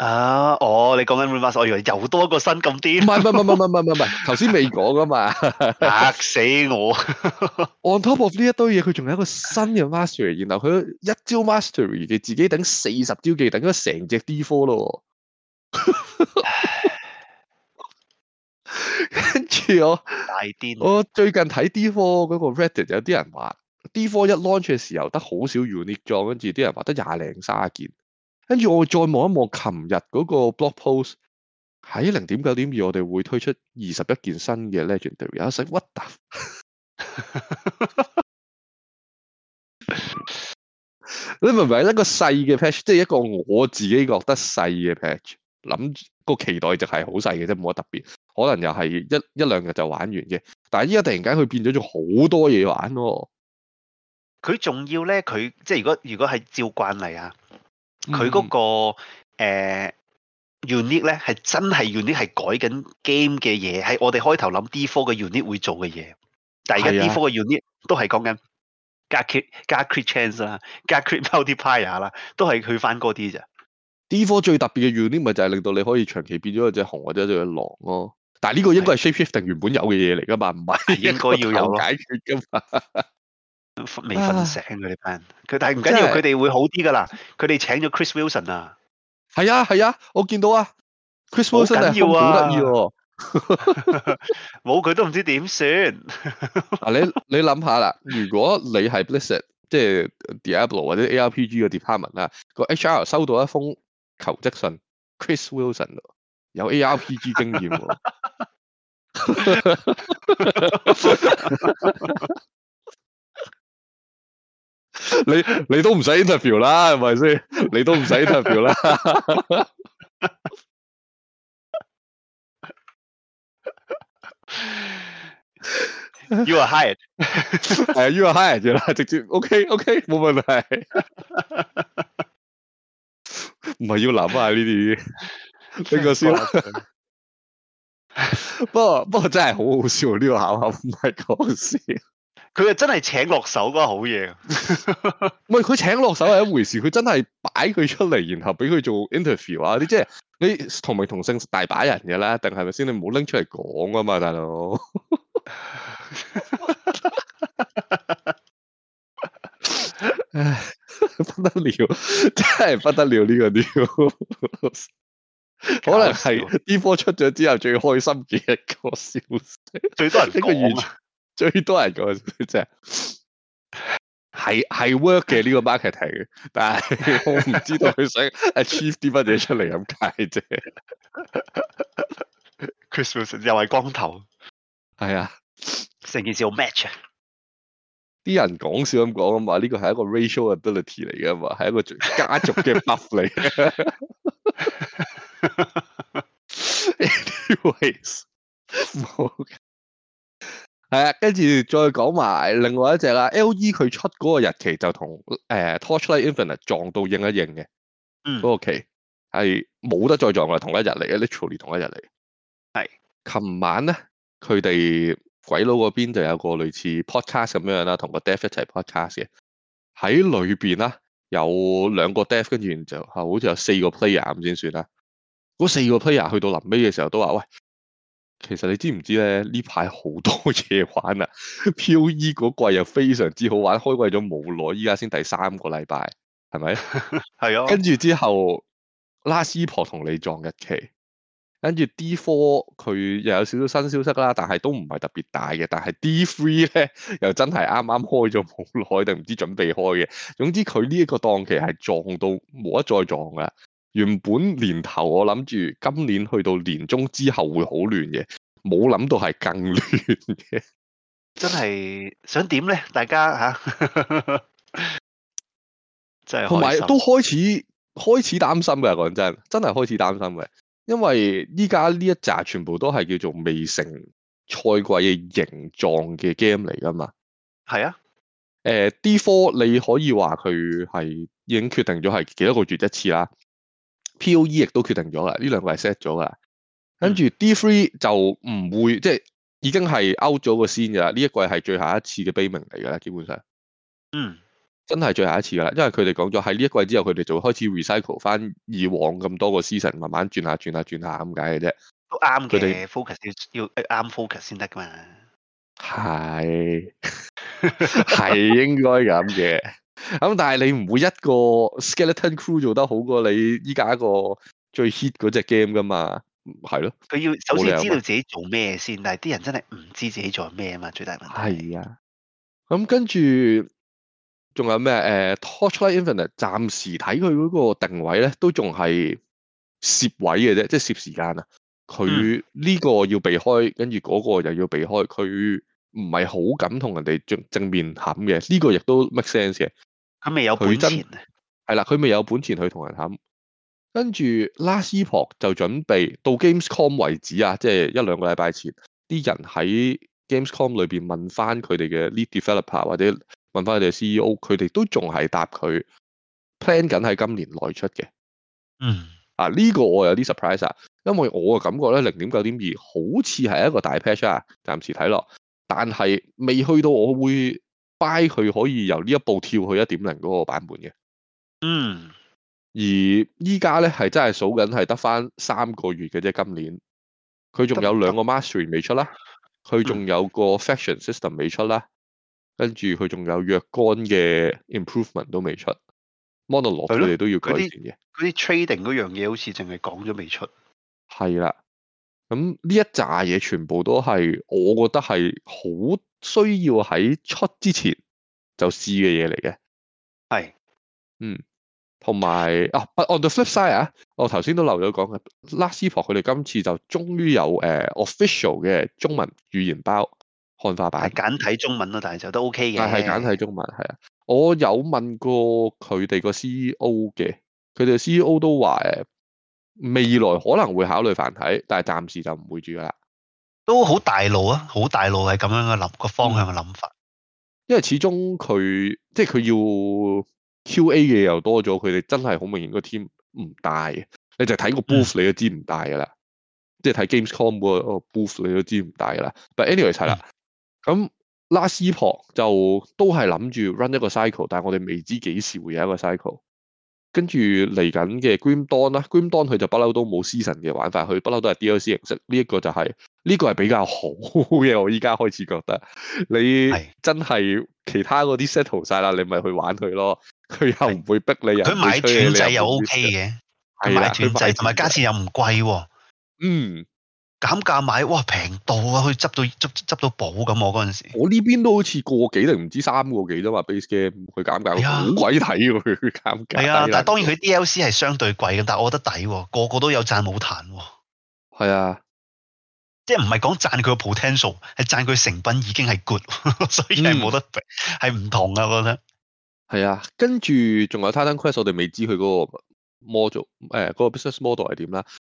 啊！哦，你講緊每把我以為又多個新咁啲。唔係唔係唔係唔係唔唔係，頭先未講噶嘛？ 嚇死我 ！On top of 呢一堆嘢，佢仲係一個新嘅 master，然後佢一招 master 嘅自己頂四十招技，等咗成隻 D four 咯。 跟住我，大癲！我最近睇 D four 嗰個 Reddit 有啲人話，D four 一 launch 嘅時候得好少 unique 裝，跟住啲人話得廿零卅件。跟住我再望一望琴日嗰個 blog post，喺零點九點二，我哋會推出二十一件新嘅 legendary What the fuck。 ? 啊，使乜？你明唔明？一個細嘅 patch，即係一個我自己覺得細嘅 patch，諗住個期待就係好細嘅啫，冇乜特別。可能又係一一兩日就玩完嘅。但係依家突然間佢變咗咗好多嘢玩，哦，佢仲要咧，佢即係如果如果係照慣例啊。佢嗰、嗰個誒 unique 咧，係、嗯呃、真係 unique 係改緊 game 嘅嘢，係我哋開頭諗 D4 嘅 unique 會做嘅嘢。但 D4 Gar-Kid，而家 D4 嘅 unique 都係講緊加 crit 加 crit chance 啦，加 crit multiplier 啦，都係去翻嗰啲啫。D4 最特別嘅 unique 咪就係令到你可以長期變咗一隻熊或者一隻狼咯。但係呢個應該係 shape shift 定原本有嘅嘢嚟㗎嘛？唔係 應該要有解決㗎嘛？未瞓醒佢哋班，佢但係唔緊要，佢、就、哋、是、會好啲噶啦。佢哋請咗 Chris Wilson 啊，係啊係啊，我見到啊，Chris Wilson 真係好得意喎，冇佢都唔知點算。嗱 你你諗下啦，如果你係 Blizzard 即係 Diablo 或者 ARPG 嘅 department 啊，個 HR 收到一封求職信，Chris Wilson 有 ARPG 經驗喎、哦。 你你都唔使 interview 啦，係咪先？你都唔使 interview 啦。You are hired。係啊，you are hired 啦，直接 OK，OK，冇問題。唔係要諗下呢啲呢個先。不過不過真係好好笑，呢個考核唔係講笑。佢又真係請落手嗰個好嘢，啊， 唔係佢請落手係一回事，佢真係擺佢出嚟，然後俾佢做 interview 啊啲，即係你同名同姓大把人嘅，啊，啦，定係咪先？你唔好拎出嚟講啊嘛，大佬， 不得了，真係不得了呢，呢個料， 搞笑 可能係呢科出咗之後最開心嘅一個消息，最多人講啊。 最多人做啫，係、就、係、係、work 嘅呢、呢個 market 嘅， 但係我唔知道佢想 achieve 啲乜嘢出嚟咁解啫。 Christmas 又係光頭，係啊，成件事好 match、啊。啲人講笑咁講啊嘛，呢、呢個係一個 racial ability 嚟噶嘛，係一個家族嘅 buff 嚟。 Anyways, 係啊，跟住再講埋另外一隻啦。L.E 佢出嗰個日期就同誒、呃、Torchlight Infinite 撞到應一應嘅，嗯，嗰個期係冇得再撞噶，同一日嚟，literally 同一日嚟。係，琴晚咧，佢哋鬼佬嗰邊就有個類似 podcast 咁樣啦，同個 Dave 一齊 podcast 嘅。喺裏邊啦，有兩個 Dave，跟住就好似有四個 player 咁先算啦。嗰四個 player 去到臨尾嘅時候都話喂。其實你知唔知咧？呢排好多嘢玩啊。 POE 嗰季又非常之好玩，開季咗冇耐，依家先第三個禮拜，係咪？係啊。跟住之後，拉斯婆同你撞一期，跟住 D four 佢又有少少新消息啦，但係都唔係特別大嘅。但係 D three 咧又真係啱啱開咗冇耐，定唔知準備開嘅。總之佢呢一個檔期係撞到冇得再撞嘅。原本年頭我諗住今年去到年中之後會好亂嘅，冇諗到係更亂嘅。真係想點咧？大家吓，啊、 真係同埋都開始開始擔心嘅。講真，真係開始擔心嘅，因為依家呢一紮全部都係叫做未成賽季嘅形狀嘅 game 嚟噶嘛。係啊，誒，D four 你可以話佢係已經決定咗係幾多個月一次啦。P.O.E 亦都決定咗噶，呢兩個係 set 咗噶啦。跟住 D3 就唔會，嗯、即係已經係 out 咗個先噶啦。呢一季係最後一次嘅悲鳴嚟噶啦，基本上，嗯，真係最後一次噶啦。因為佢哋講咗喺呢一季之後，佢哋就會開始 recycle 翻以往咁多個 season，慢慢轉下轉下轉下咁解嘅啫。都啱嘅，佢哋 focus 要要啱 focus 先得噶嘛。係係 應該咁嘅。咁、嗯、但係你唔會一個 Skeleton Crew 做得好過你依家一個最 hit 嗰隻 game 噶嘛？係咯。佢要首先知道自己做咩先，但係啲人真係唔知自己做咩啊嘛，最大問題。係啊。咁、嗯、跟住仲有咩？誒、uh，Torchlight Infinite 暫時睇佢嗰個定位咧，都仲係攝位嘅啫，即係攝時間啊。佢呢個要避開，嗯、跟住嗰個又要避開，佢唔係好敢同人哋正正面冚嘅。呢、呢個亦都 make sense 嘅。佢未有本錢係啦，佢未有本錢去同人談。跟住 Last Epoch 就準備到 Gamescom 為止啊，即係一兩個禮拜前，啲人喺 Gamescom 裏邊問翻佢哋嘅 Lead Developer 或者問翻佢哋嘅 CEO，佢哋都仲係答佢 plan 緊喺今年內出嘅。嗯，啊呢個我有啲 surprise 啊，因為我嘅感覺咧，零點九點二好似係一個大 patch 啊，暫時睇落，但係未去到我會。by 佢可以由呢一步跳去一點零嗰個版本嘅。嗯，而依家咧係真係數緊係得翻三個月嘅啫，今年佢仲有兩個 master 未出啦，佢仲有個 fashion system 未出啦，跟住佢仲有若干嘅 improvement 都未出，model 羅佢哋都要改善嘅，嗰啲 trading 嗰樣嘢好似淨係講咗未出，係啦。咁呢一扎嘢全部都係，我覺得係好需要喺出之前就試嘅嘢嚟嘅，係，嗯，同埋啊，but on the flip side 啊，我頭先都漏咗講嘅，Last Epoch 佢哋今次就終於有誒、uh, official 嘅中文語言包漢化版，係簡體中文咯，但係就都 OK 嘅，係簡體中文，係啊、OK，我有問過佢哋個 CEO 嘅，佢哋 CEO 都話未來可能會考慮繁體，但係暫時就唔會住噶啦。都好大路啊，好大路係咁樣嘅諗個方向嘅諗法、嗯。因為始終佢即係佢要 Q&A 嘅又多咗，佢哋真係好明顯個 team 唔大嘅。你就睇個 booth 你都知唔大噶啦、嗯，即係睇 Gamescom 個 booth 你都知唔大噶啦。But anyways 係、嗯、啦，咁 Last Epoch 就都係諗住 run 一個 cycle，但係我哋未知幾時會有一個 cycle。跟住嚟緊嘅 Grim Dawn 啦，Grim Dawn 佢就不嬲都冇 season 嘅玩法，佢不嬲都係 DLC 形式，呢一個就係呢個係比較好嘅。我依家開始覺得你真係其他嗰啲 set 好晒啦，你咪去玩佢咯，佢又唔會逼你，又唔會催你，又 OK 嘅，係啦，佢買斷制同埋價錢又唔貴喎，嗯。減價買，哇平到啊，去執到執執到寶咁，我嗰陣時。我呢邊都好似個幾定唔知三個幾啫嘛，base game 佢減價好鬼抵喎，減價。係啊，但係當然佢 DLC 係相對貴咁，但係我覺得抵喎，個個都有賺冇彈喎。係啊，即係唔係講賺佢個 potential，係賺佢成品已經係 good，所以係冇得係唔、嗯、同啊，我覺得。係啊，跟住仲有《Titan Quest module,、欸》，我哋未知佢嗰個 model，誒嗰個 business model 係點啦。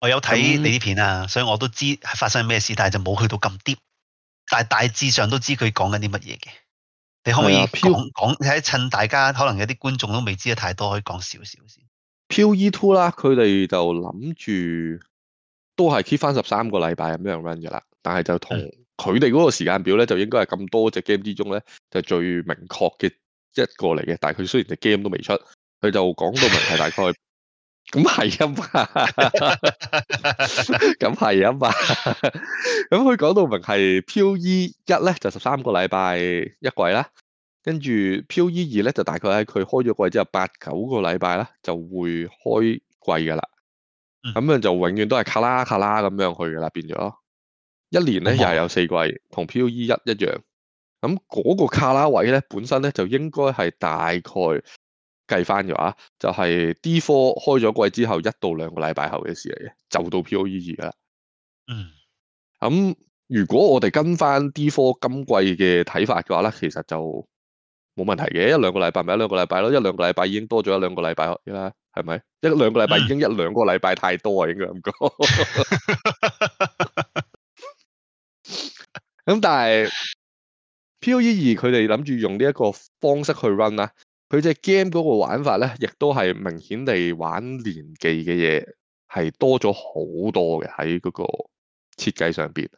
我有睇你啲片啊，所以我都知發生咩事，但係就冇去到咁啲。但係大致上都知佢講緊啲乜嘢嘅。你可唔可以講講？睇、啊、趁大家可能有啲觀眾都未知得太多，可以講少少先。POE 2啦，佢哋就諗住都係 keep 翻十三個禮拜咁樣 run 嘅啦，但係就同佢哋嗰個時間表咧，就應該係咁多隻 game 之中咧，就最明確嘅一個嚟嘅。但係佢雖然隻 game 都未出，佢就講到問題大概。 咁係啊嘛，咁係啊嘛，咁佢講到明係 POE 1咧就十三個禮拜一季啦，跟住 POE 2咧就大概喺佢開咗季之後八九個禮拜啦就會開季噶啦，咁、嗯、樣就永遠都係卡啦卡啦咁樣去噶啦，變咗一年咧又係有四季，同 POE 1一樣，咁嗰個卡拉位咧本身咧就應該係大概。計翻嘅話，就係 D 科開咗季之後一到兩個禮拜後嘅事嚟嘅，就到 P O E 二啦。嗯、咁、嗯、如果我哋跟翻 D 科今季嘅睇法嘅話咧，其實就冇問題嘅，一兩個禮拜咪一兩個禮拜咯，一兩個禮拜已經多咗一兩個禮拜啦，係咪？一兩個禮拜已經一兩個禮拜太多啊，應該唔該。咁、 嗯、但係 P O E 二，佢哋諗住用呢一個方式去 run 啦。佢隻 game 嗰個玩法咧，亦都係明顯地玩年紀嘅嘢係多咗好多嘅喺嗰個設計上邊。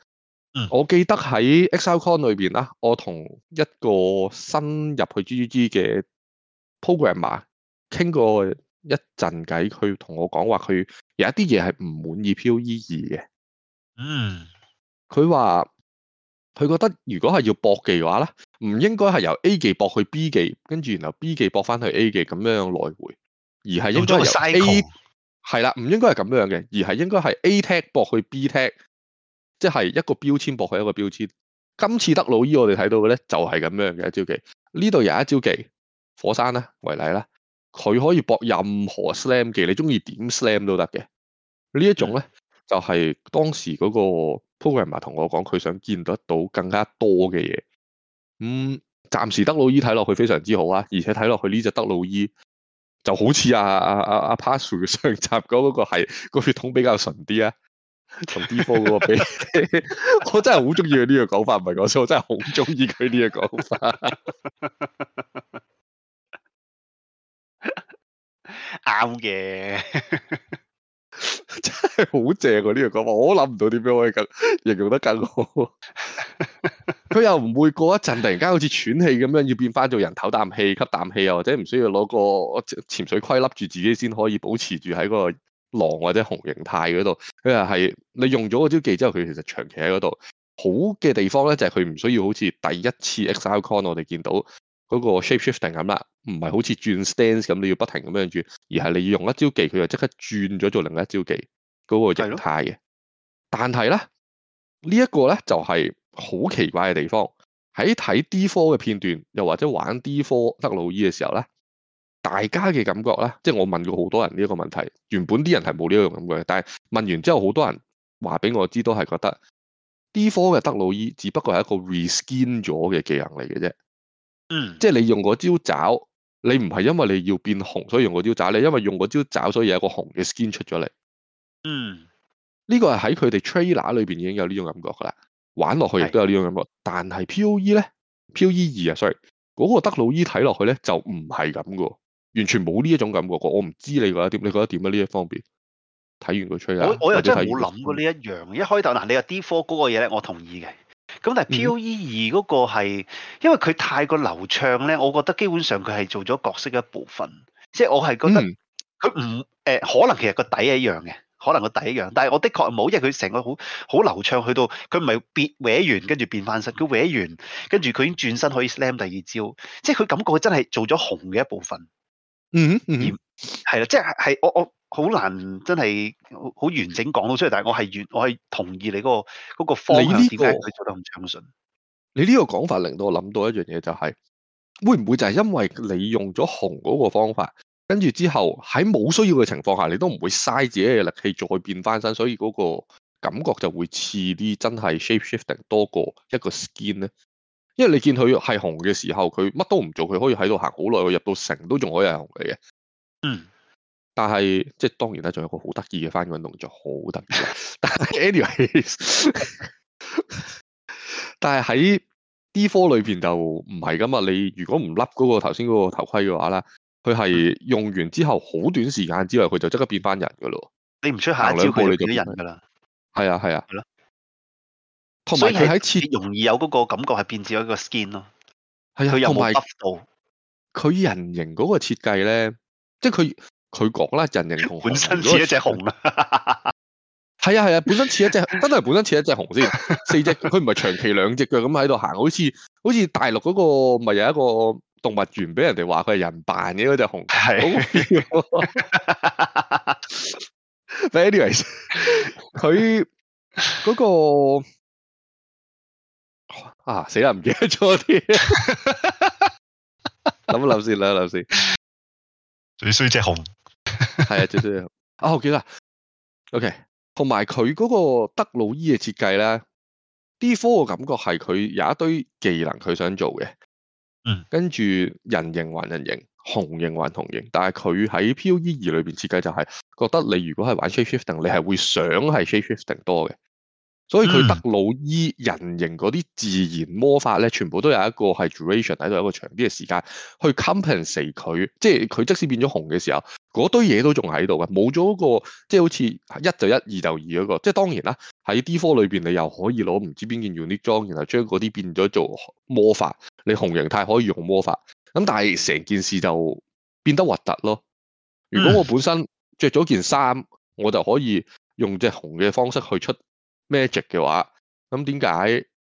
嗯，我記得喺 ExileCon 裏邊啦，我同一個新入去 GGG 嘅 programmer 傾過一陣偈，佢同我講話佢有一啲嘢係唔滿意 Poe 二嘅。嗯，佢話。佢覺得如果係要博技嘅話咧，唔應該係由 A 技博去 B 技，跟住然後 B 技博翻去 A 技咁樣樣來回，而係應該係 A 係啦，唔應該係咁樣嘅，而係應該係 A tag 博去 B tag，即係一個標籤博去一個標籤。今次德魯伊我哋睇到嘅咧就係、是、咁樣嘅一招技，呢度有一招技，火山啦為例啦，佢、啊、可以博任何 slam 技，你中意點 slam 都得嘅呢一種咧。嗯就係、是、當時嗰個 programmer 同我講，佢想見到得到更加多嘅嘢、嗯。咁暫時德魯伊睇落去非常之好啊，而且睇落去呢隻德魯伊就好似阿阿阿阿 p a s 上集嗰個係個血統比較純啲啊，同 D4 嗰個比， 我真係好中意佢呢個講法，唔係講笑，我真係好中意佢呢個講法。啱嘅。真係好正喎！呢個講法，我諗唔到點樣可以更形容得更好。 佢又唔會過一陣突然間好似喘氣咁樣，要變翻做人唞啖氣、吸啖氣啊，或者唔需要攞個潛水盔笠住自己先可以保持住喺嗰個狼或者熊形態嗰度。佢又係你用咗個招技之後，佢其實長期喺嗰度。好嘅地方咧，就係佢唔需要好似第一次 ExileCon 我哋見到。嗰、那個 shape-shifting 咁啦，唔係好似轉 stance 咁，你要不停咁樣轉，而係你要用一招技，佢就即刻轉咗做另一招技嗰、那個是形態嘅。但係咧，呢、這、一個咧就係好奇怪嘅地方。喺睇 D 科嘅片段，又或者玩 D 科德魯伊嘅時候咧，大家嘅感覺咧，即、就、係、是、我問過好多人呢一個問題，原本啲人係冇呢樣感覺嘅，但係問完之後，好多人話俾我知都係覺得 D 科嘅德魯伊只不過係一個 reskin 咗嘅技能嚟嘅啫。嗯，即係你用嗰招爪，你唔係因為你要變紅所以用嗰招爪，你因為用嗰招爪所以有個紅嘅 skin 出咗嚟。嗯，呢、這個係喺佢哋 trailer 裏邊已經有呢種感覺噶啦，玩落去亦都有呢種感覺。但係 POE 咧，POE 二啊，sorry 嗰個德魯伊睇落去咧就唔係咁噶，完全冇呢一種感覺。我唔知你覺得點，你覺得點啊？呢一方面，睇完個 trailer，我，我又、那個、真係冇諗過呢一樣。一開頭嗱，你話 D4 高嘅嘢咧，我同意嘅。咁但係 POE 二嗰個係，因為佢太過流暢咧，我覺得基本上佢係做咗角色嘅一部分。即係我係覺得佢唔誒，可能其實個底係一樣嘅，可能個底係一樣。但係我的確冇，因為佢成個好好流暢，去到佢唔係變崴完跟住變翻身，佢歪完跟住佢已經轉身可以 slam 第二招。即係佢感覺佢真係做咗紅嘅一部分。嗯哼嗯哼，嗯係啦，即係係我我。好難真係好完整講到出嚟，但係我係我同意你嗰、嗰個嗰個方向點解、佢、做得咁暢順？你呢個講法令到我諗到一樣嘢、就係，就係會唔會就係因為你用咗紅嗰個方法，跟住之後喺冇需要嘅情況下，你都唔會嘥自己嘅力氣再變翻身，所以嗰個感覺就會似啲真係 shapeshifting 多過一個 skin 咧。因為你見佢係紅嘅時候，佢乜都唔做，佢可以喺度行好耐，佢入到城都仲可以係紅嚟嘅。嗯。但係即係當然啦，仲有個好得意嘅翻滾動作，好得意。但係 anyways 但係喺 D4 裏邊就唔係噶嘛。你如果唔笠嗰個頭先嗰個頭盔嘅話咧，佢係用完之後好短時間之後，佢就即刻變翻人噶咯。你唔出下一招，佢變咗人噶啦。係啊，係啊。係咯、啊。同埋佢喺設容易有嗰個感覺，係變至一個 skin 咯。係啊。佢又冇度。佢人形嗰個設計咧，即係佢。佢講啦，人人同熊本身似一隻熊啦，係啊係啊，本身似一隻，真 係本身似一隻熊先。四隻佢唔係長期兩隻腳咁喺度行，好似好似大陸嗰、那個咪有一個動物園俾人哋話佢係人扮嘅嗰隻熊，係。 But anyways 佢嗰、那個啊死啦，唔記得咗啲。諗諗先啦，諗先，最衰隻熊。係 啊，最少啊我 k 得 o k 同埋佢嗰個德魯伊嘅設計咧啲科嘅感覺係佢有一堆技能佢想做嘅，嗯，跟住人形還人形，紅形還紅形，但係佢喺 PUE 二裏邊設計就係覺得你如果係玩 shape shifting，你係會想係 shape shifting 多嘅。所以佢德魯伊人形嗰啲自然魔法咧，全部都有一個係 duration 喺度，一個長啲嘅時間去 compensate 佢，即係佢即使變咗紅嘅時候，嗰堆嘢都仲喺度嘅，冇咗個即係好似一就一，二就二嗰個即係當然啦，喺 D 4裏邊你又可以攞唔知邊件 unique 裝，然後將嗰啲變咗做魔法。你紅形態可以用魔法，咁但係成件事就變得核突咯。如果我本身着咗件衫，我就可以用隻紅嘅方式去出。Magic 嘅話，咁點解？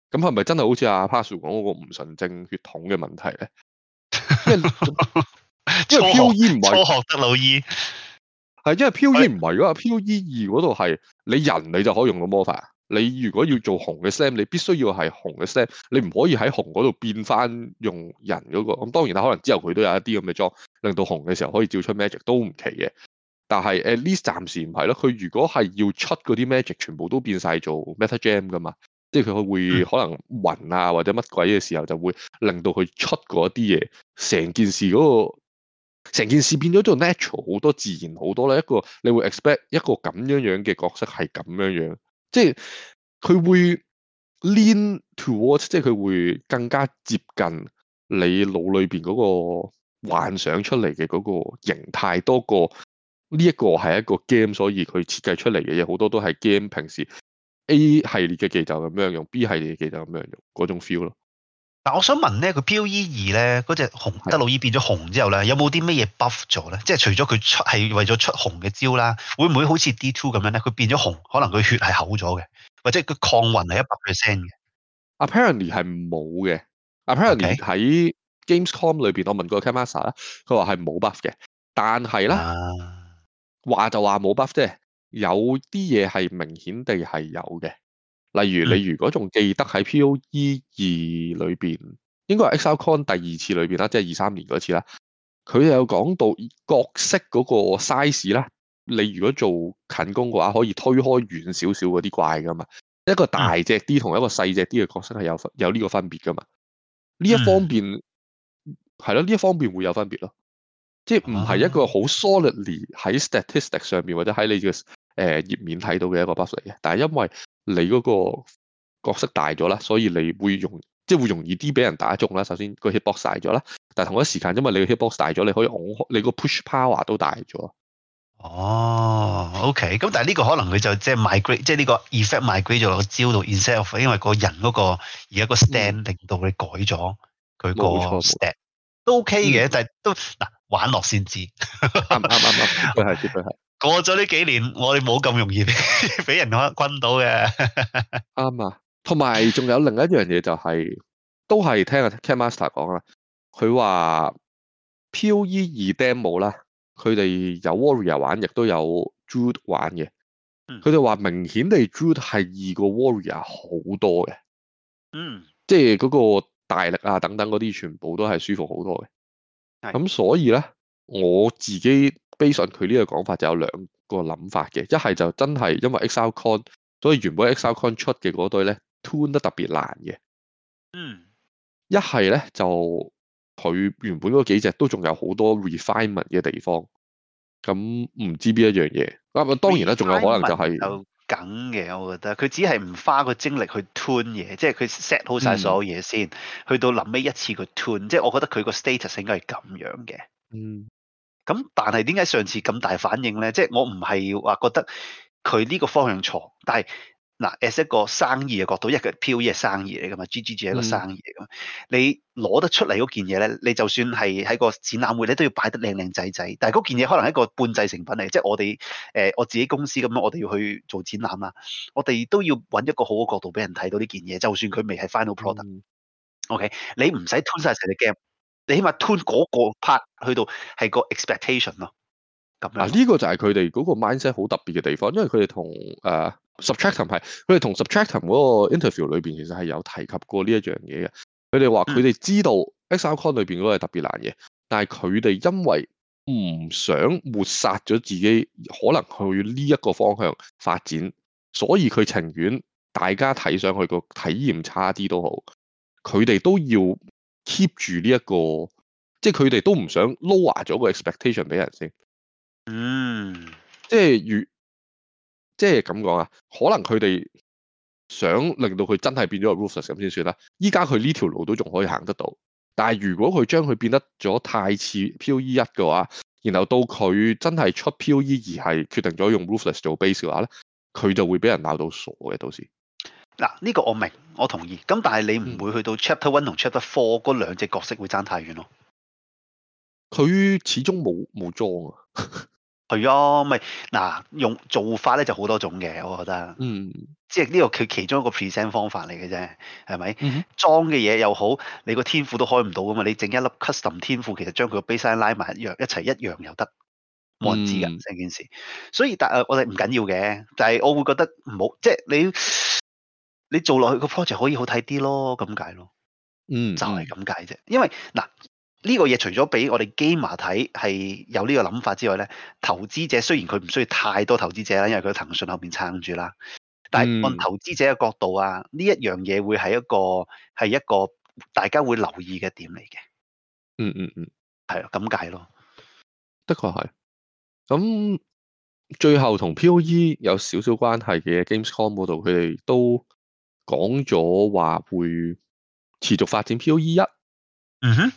咁係咪真係好似阿 Parcel 講嗰個唔純正血統嘅問題咧？因為 因為 PoE 唔係初學得老醫，係因為 PoE 唔係，如果 PoE 2嗰度係你人，你就可以用到魔法。你如果要做紅嘅 Sam，你必須要係紅嘅 Sam，你唔可以喺紅嗰度變翻用人嗰個。咁當然啦，可能之後佢都有一啲咁嘅裝，令到紅嘅時候可以照出 Magic 都唔奇嘅。但係誒，at least 暫時唔係咯。佢如果係要出嗰啲 magic，全部都變晒做 meta gem 噶嘛。即係佢會可能暈啊，或者乜鬼嘅時候，就會令到佢出嗰啲嘢。成件事嗰、嗰個，成件事變咗做 natural 好多，自然好多啦。一個你會 expect 一個咁樣樣嘅角色係咁樣樣，即係佢會 lean towards，即係佢會更加接近你腦裏邊嗰個幻想出嚟嘅嗰個形態多過。呢、這、一個係一個 game，所以佢設計出嚟嘅嘢好多都係 game。平時 A 系列嘅技就咁樣用，B 系列嘅技就咁樣用，嗰種 feel 咯。但我想問咧，佢 POE 二咧，嗰隻紅德魯伊變咗紅之後咧，有冇啲乜嘢 buff 咗咧？即係除咗佢出係為咗出紅嘅招啦，會唔會好似 D2 咁樣咧？佢變咗紅，可能佢血係厚咗嘅，或者佢抗暈係一百 percent 嘅。Apparently 係冇嘅。Apparently、okay。喺 Gamescom 裏邊，我問過 Kamasa 啦，佢話係冇 buff 嘅。但係咧。啊話就話冇 buff 啫，有啲嘢係明顯地係有嘅。例如、嗯、你如果仲記得喺 POE 二裏面，應該係 ExileCon 第二次裏面啦，即、就、係、是、二三年嗰次啦。佢有講到角色嗰個 size 啦，你如果做近攻嘅話，可以推開遠少少嗰啲怪噶嘛。一個大隻啲，同一個細隻啲嘅角色係有有呢個分別噶嘛。呢一方面係咯，呢、嗯、一方面會有分別咯。即係唔係一個好 solidly 喺 statistics 上面或者喺你嘅誒頁面睇到嘅一個 buff 嚟嘅，但係因為你嗰個角色大咗啦，所以你會容即係會容易啲俾人打中啦。首先個 hit box 大咗啦，但係同一時間因為你嘅 hit box 大咗，你可以你個 push power 都大咗。哦。哦，OK，咁但係呢個可能佢就即係 migrate，即係呢個 effect migrate 咗個招到 insert，因為個人嗰個而家個 stand 令到你改咗佢個 stand 都 OK 嘅，嗯、但係都玩落先知，啱啱啱啱，佢係，佢係。過咗呢幾年，我哋冇咁容易俾人屈到嘅。啱啊，同埋仲有另一樣嘢就係、是，都係聽啊，聽 K master 講啦。佢話 POE 二 demo 啦，佢哋有 Warrior 玩，亦都有 Druid 玩嘅。佢哋話明顯地 Druid 係係易過 Warrior 好多嘅。嗯。即係嗰個大力啊，等等嗰啲，全部都係舒服好多嘅。係咁，所以咧，我自己 based on 佢呢個講法就有兩個諗法嘅，一係就真係因為 ExileCon，所以原本 ExileCon 出嘅嗰堆咧 tune 得特別難嘅。嗯是呢。一係咧就佢原本嗰幾隻都仲有好多 refinement 嘅地方，咁唔知邊一樣嘢。咁當然啦，仲有可能就係、是。梗嘅，我覺得佢只係唔花個精力去 turn 嘢，即係佢 set 好晒所有嘢先，嗯、去到臨尾一次佢 turn，即係我覺得佢個 status 應該係咁樣嘅。嗯，咁但係點解上次咁大反應咧？即係我唔係話覺得佢呢個方向錯，但係。嗱，as 一個生意嘅角度，一個 P.O.E. 係生意嚟噶嘛，G.G.G. 係一個生意嚟噶嘛。嗯、你攞得出嚟嗰件嘢咧，你就算係喺個展覽會咧，都要擺得靚靚仔仔。但係嗰件嘢可能係一個半製成品嚟，即係我哋誒我自己公司咁樣，我哋要去做展覽啦，我哋都要揾一個好嘅角度俾人睇到呢件嘢。就算佢未係 final product，OK，、okay? 你唔使吞晒成隻 game，你起碼吞嗰個 part 去到係個 expectation 咯。咁、啊、嗱，呢、呢個就係佢哋嗰個 mindset 好特別嘅地方，因為佢哋同誒。啊 subtractor 係，佢哋同 subtractor 嗰個 interview 裏邊其實係有提及過呢一樣嘢嘅。佢哋話佢哋知道 ExileCon 裏邊嗰個係特別難嘅，但係佢哋因為唔想抹殺咗自己可能去呢一個方向發展，所以佢情願大家睇上去個體驗差啲都好，佢哋都要 keep 住呢一個，即係佢哋都唔想 lower 咗個 expectation 俾人先。嗯，即係如。即係咁講啊，可能佢哋想令到佢真係變咗個 Ruthless 咁先算啦。依家佢呢條路都仲可以行得到，但係如果佢將佢變得咗太似 POE 一嘅話，然後到佢真係出 POE 二係決定咗用 Ruthless 做 base 嘅話咧，佢就會俾人鬧到傻嘅到時。嗱，呢個我明，我同意。咁但係你唔會去到 Chapter One 同 Chapter Four 嗰兩隻角色會差太遠咯。佢、嗯、始終冇冇裝啊。 係啊，咪嗱用做法咧就好多種嘅，我覺得，嗯，即係呢個佢其中一個 present 方法嚟嘅啫，係咪、嗯？裝嘅嘢又好，你個天賦都開唔到噶嘛，你整一粒 custom 天賦，其實將佢個 base line 拉埋一,一樣一齊一樣又得，冇人知噶成、嗯、件事。所以但係我哋唔緊要嘅，但係我，、就是、我會覺得唔好，即係你你做落去個 project 可以好睇啲咯，咁解，、就是、解咯，嗯就係咁解啫，因為嗱。呢、這個嘢除咗俾我哋 gamer 睇係有呢個諗法之外咧，投資者雖然佢唔需要太多投資者啦，因為佢喺騰訊後面撐住啦，但係按投資者嘅角度啊，呢、嗯、一樣嘢會係一個係一個大家會留意嘅點嚟嘅。嗯嗯嗯，係、嗯、咁解咯，的確係。咁最後同 POE 有少少關係嘅 Gamescom 嗰度，佢哋都講咗話會持續發展 POE 一。嗯哼。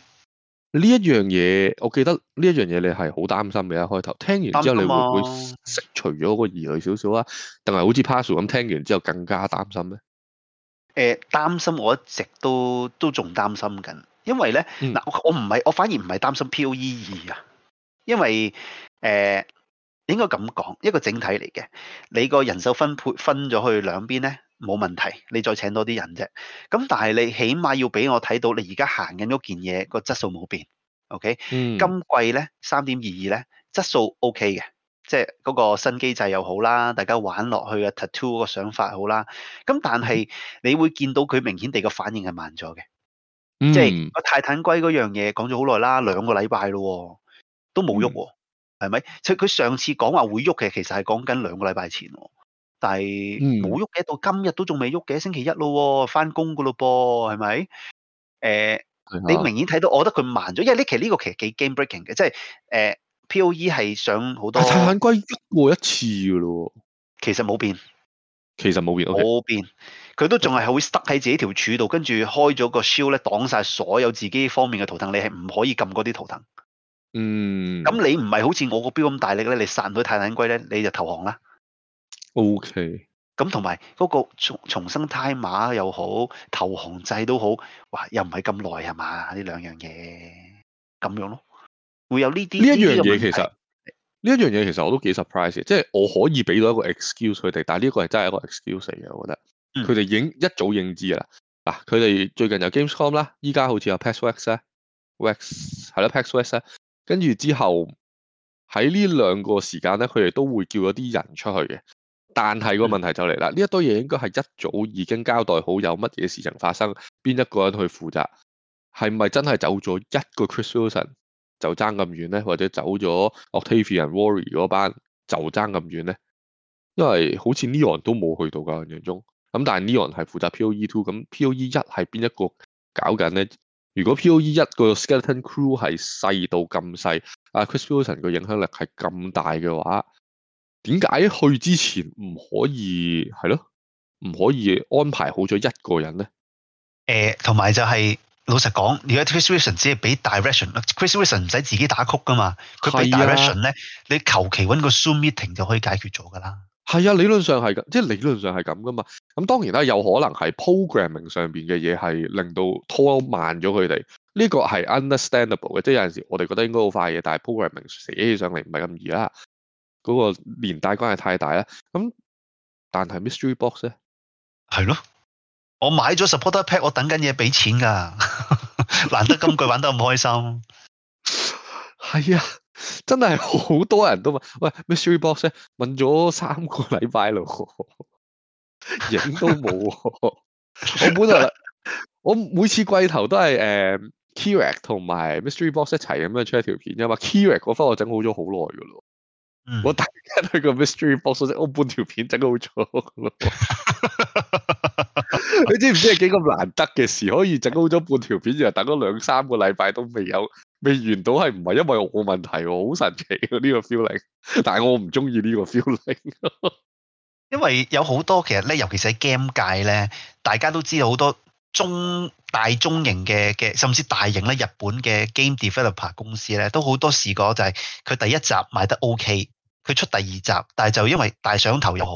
呢一樣嘢，我記得呢一樣嘢你係好擔心嘅。一開頭聽完之後，你會唔會剔除咗個疑慮少少啊？定係好似 p a s c e l 咁，聽完之後更加擔心咧？誒、呃，擔心我一直都都仲擔心緊，因為咧嗱、嗯，我唔係我反而唔係擔心 POE 二啊，因為誒、呃、應該咁講，一個整體嚟嘅，你個人手分配分咗去兩邊咧。冇問題，你再請多啲人啫。咁但係你起碼要俾我睇到你，你而家行緊嗰件嘢個質素冇變。OK、嗯、今季咧三點二二咧質素 OK 嘅，即係嗰個新機制又好啦，大家玩落去嘅 Tattoo 個想法好啦。咁但係你會見到佢明顯地個反應係慢咗嘅，嗯、即係泰坦龜嗰樣嘢講咗好耐啦，兩個禮拜咯，都冇喐喎，係、嗯、咪？佢佢上次講話會喐嘅，其實係講緊兩個禮拜前。但係冇喐嘅，到今日都仲未喐嘅，星期一咯，翻工噶咯噃，係咪？誒、呃，你明顯睇到，我覺得佢慢咗，因為呢期呢個其實幾 game breaking 嘅，即係誒，P O E 係上好多。泰坦龜喐過一次噶咯，其實冇變，其實冇變，冇變，佢、okay、都仲係好塞喺自己條柱度，跟住開咗個 shield 咧擋晒所有自己方面嘅圖騰，你係唔可以撳嗰啲圖騰。嗯。咁你唔係好似我個標咁大力咧，你殺唔到泰坦龜咧，你就投降啦。O K，咁同埋嗰個重重生 time 碼又好，投行制都好，哇，又唔係咁耐係嘛？呢兩樣嘢咁樣咯，會有呢啲呢一樣嘢，其實呢一樣嘢其實我都幾 surprise 嘅，即係我可以俾到一個 excuse 佢哋，但係呢個係真係一個 excuse 嚟嘅。我覺得佢哋、嗯、一早認知啦，嗱、啊，佢哋最近有 Gamescom 啦，依家好似有 Pax Wax 啊 Wax 係 Pax Wax 啊。跟住之後喺呢兩個時間咧，佢哋都會叫一啲人出去嘅。但係個問題就嚟啦，呢一堆嘢應該係一早已經交代好有乜嘢事情發生，邊一個人去負責？係咪真係走咗一個 Chris Wilson 就爭咁遠咧？或者走咗 Octavian Worry 嗰班就爭咁遠咧？因為好似 Neon 都冇去到噶，印象中，咁但係 Neon 係負責 POE Two，咁 POE 一係邊一個搞緊咧？如果 POE 一個 Skeleton Crew 係細到咁細，阿 Chris Wilson 個影響力係咁大嘅話，點解去之前唔可以係咯？唔可以安排好咗一個人咧？誒、呃，同埋就係、是、老實講，如果 Chris Wilson 只係俾 direction，Chris Wilson 唔使自己打曲噶嘛？佢俾 direction 咧，你求其搵個 zoom meeting 就可以解決咗噶啦。係啊，理論上係，即係理論上係咁噶嘛。咁當然啦，有可能係 programming 上邊嘅嘢係令到拖慢咗佢哋。呢、這個係 understandable 嘅，即、就、係、是、有陣時我哋覺得應該好快嘅，但係 programming 寫起上嚟唔係咁易啦。嗰、那個年代關係太大啦，咁但係 Mystery Box 咧，係咯，我買咗 Supporter Pack，我等緊嘢俾錢噶，難得今季玩得咁開心，係 啊，真係好多人都問，喂 Mystery Box 咧，問咗三個禮拜咯，影都冇， 我本來我每次季頭都係誒 Kurek 同埋 Mystery Box 一齊咁樣出一條片因為，Kurek 嗰忽我整好咗好耐嘅咯。嗯、我大家睇個 mystery box，我整半條片整好咗 你知唔知係幾咁難得嘅事，可以整好咗半條片，然後等咗兩三個禮拜都未有，未完到係唔係因為我問題？好神奇呢、啊這個 feeling 但係我唔中意呢個 feeling 因為有好多其實咧，尤其是 game 界咧，大家都知道好多。中大中型嘅嘅，甚至大型咧，日本嘅 game developer 公司咧，都好多試過就係佢第一集賣得 OK，佢出第二集，但係就因為大上頭又好，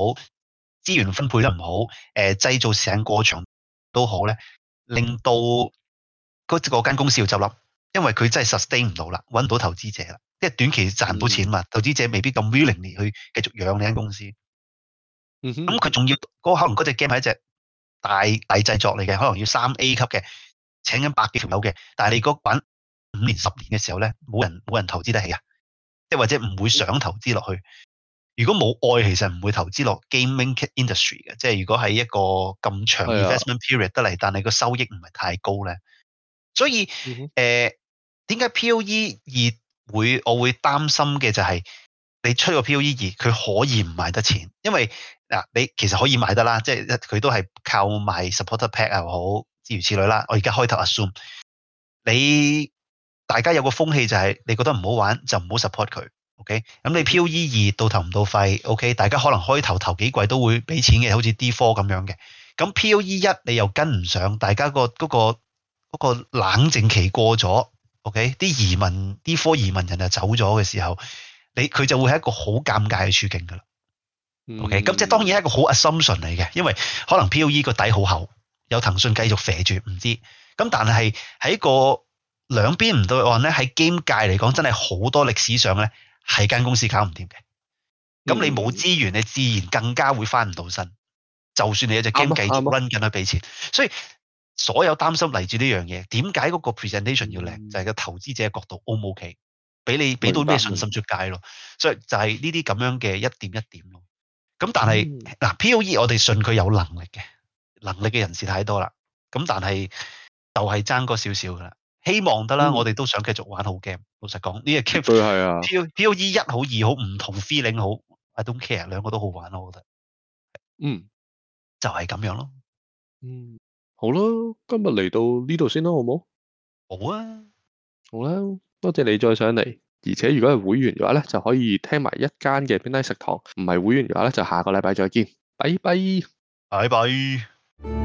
資源分配得唔好，誒、呃、製造時間過長都好咧，令到嗰間公司要執笠，因為佢真係 sustain 唔到啦，揾唔到投資者啦，因為短期賺唔到錢嘛，投資者未必咁 willing 去繼續養呢間公司。嗯哼。咁佢仲要可能嗰隻 game 係一隻。大大製作嚟嘅，可能要三 A 級嘅，請緊百幾條友嘅。但係你嗰品五年十年嘅時候咧，冇人冇人投資得起啊！即係或者唔會想投資落去。如果冇愛，其實唔會投資落 gaming industry 嘅。即係如果係一個咁長 investment period 得嚟，但係個收益唔係太高咧。所以誒，點解 POE 二會我會擔心嘅就係、是、你出個 POE 二，佢可以唔賣得錢，因為。嗱、啊，你其實可以買得啦，即係佢都係靠買 supporter pack 又好，諸如此類啦。我而家開頭 assume，你大家有個風氣就係、是，你覺得唔好玩就唔好 support 佢。OK，咁你 P O E 二到頭唔到肺。OK，大家可能開頭頭幾季都會俾錢嘅，好似 D 科咁樣嘅。咁 P O E 一你又跟唔上，大家、那個嗰、那個嗰、那個冷靜期過咗。OK，啲移民 D 科移民人就走咗嘅時候，你佢就會係一個好尷尬嘅處境噶啦。O.K. 咁、嗯嗯、即係當然一個好 assumption 嚟嘅，因為可能 POE 個底好厚，有騰訊繼續扯住，唔知咁。但係喺個兩邊唔對岸咧，喺 game 界嚟講，真係好多歷史上咧係間公司搞唔掂嘅。咁、嗯、你冇資源，你自然更加會翻唔到身。就算你有隻 game 繼續 run 緊去俾錢，所以所有擔心嚟自呢樣嘢。點解嗰個 presentation 要靚、嗯？就係、是、個投資者嘅角度 O 唔 O.K. 俾你俾到咩信心出街咯、嗯？所以就係呢啲咁樣嘅一點一點咯。咁但係嗱、嗯、，POE 我哋信佢有能力嘅，能力嘅人士太多啦。咁但係就係爭過少少噶啦，希望得啦、嗯。我哋都想繼續玩好 game。老實講呢、這個 keep 係啊。POE 一好二好唔同 feeling 好，I don't care，兩個都好玩咯。我覺得，嗯，就係、是、咁樣咯。嗯，好啦，今日嚟到呢度先啦，好唔好？好啊，好啦，多謝你再上嚟。而且如果係會員嘅話咧，就可以聽埋一間嘅 Midnight 食堂。唔係會員嘅話咧，就下個禮拜再見。拜拜，拜拜。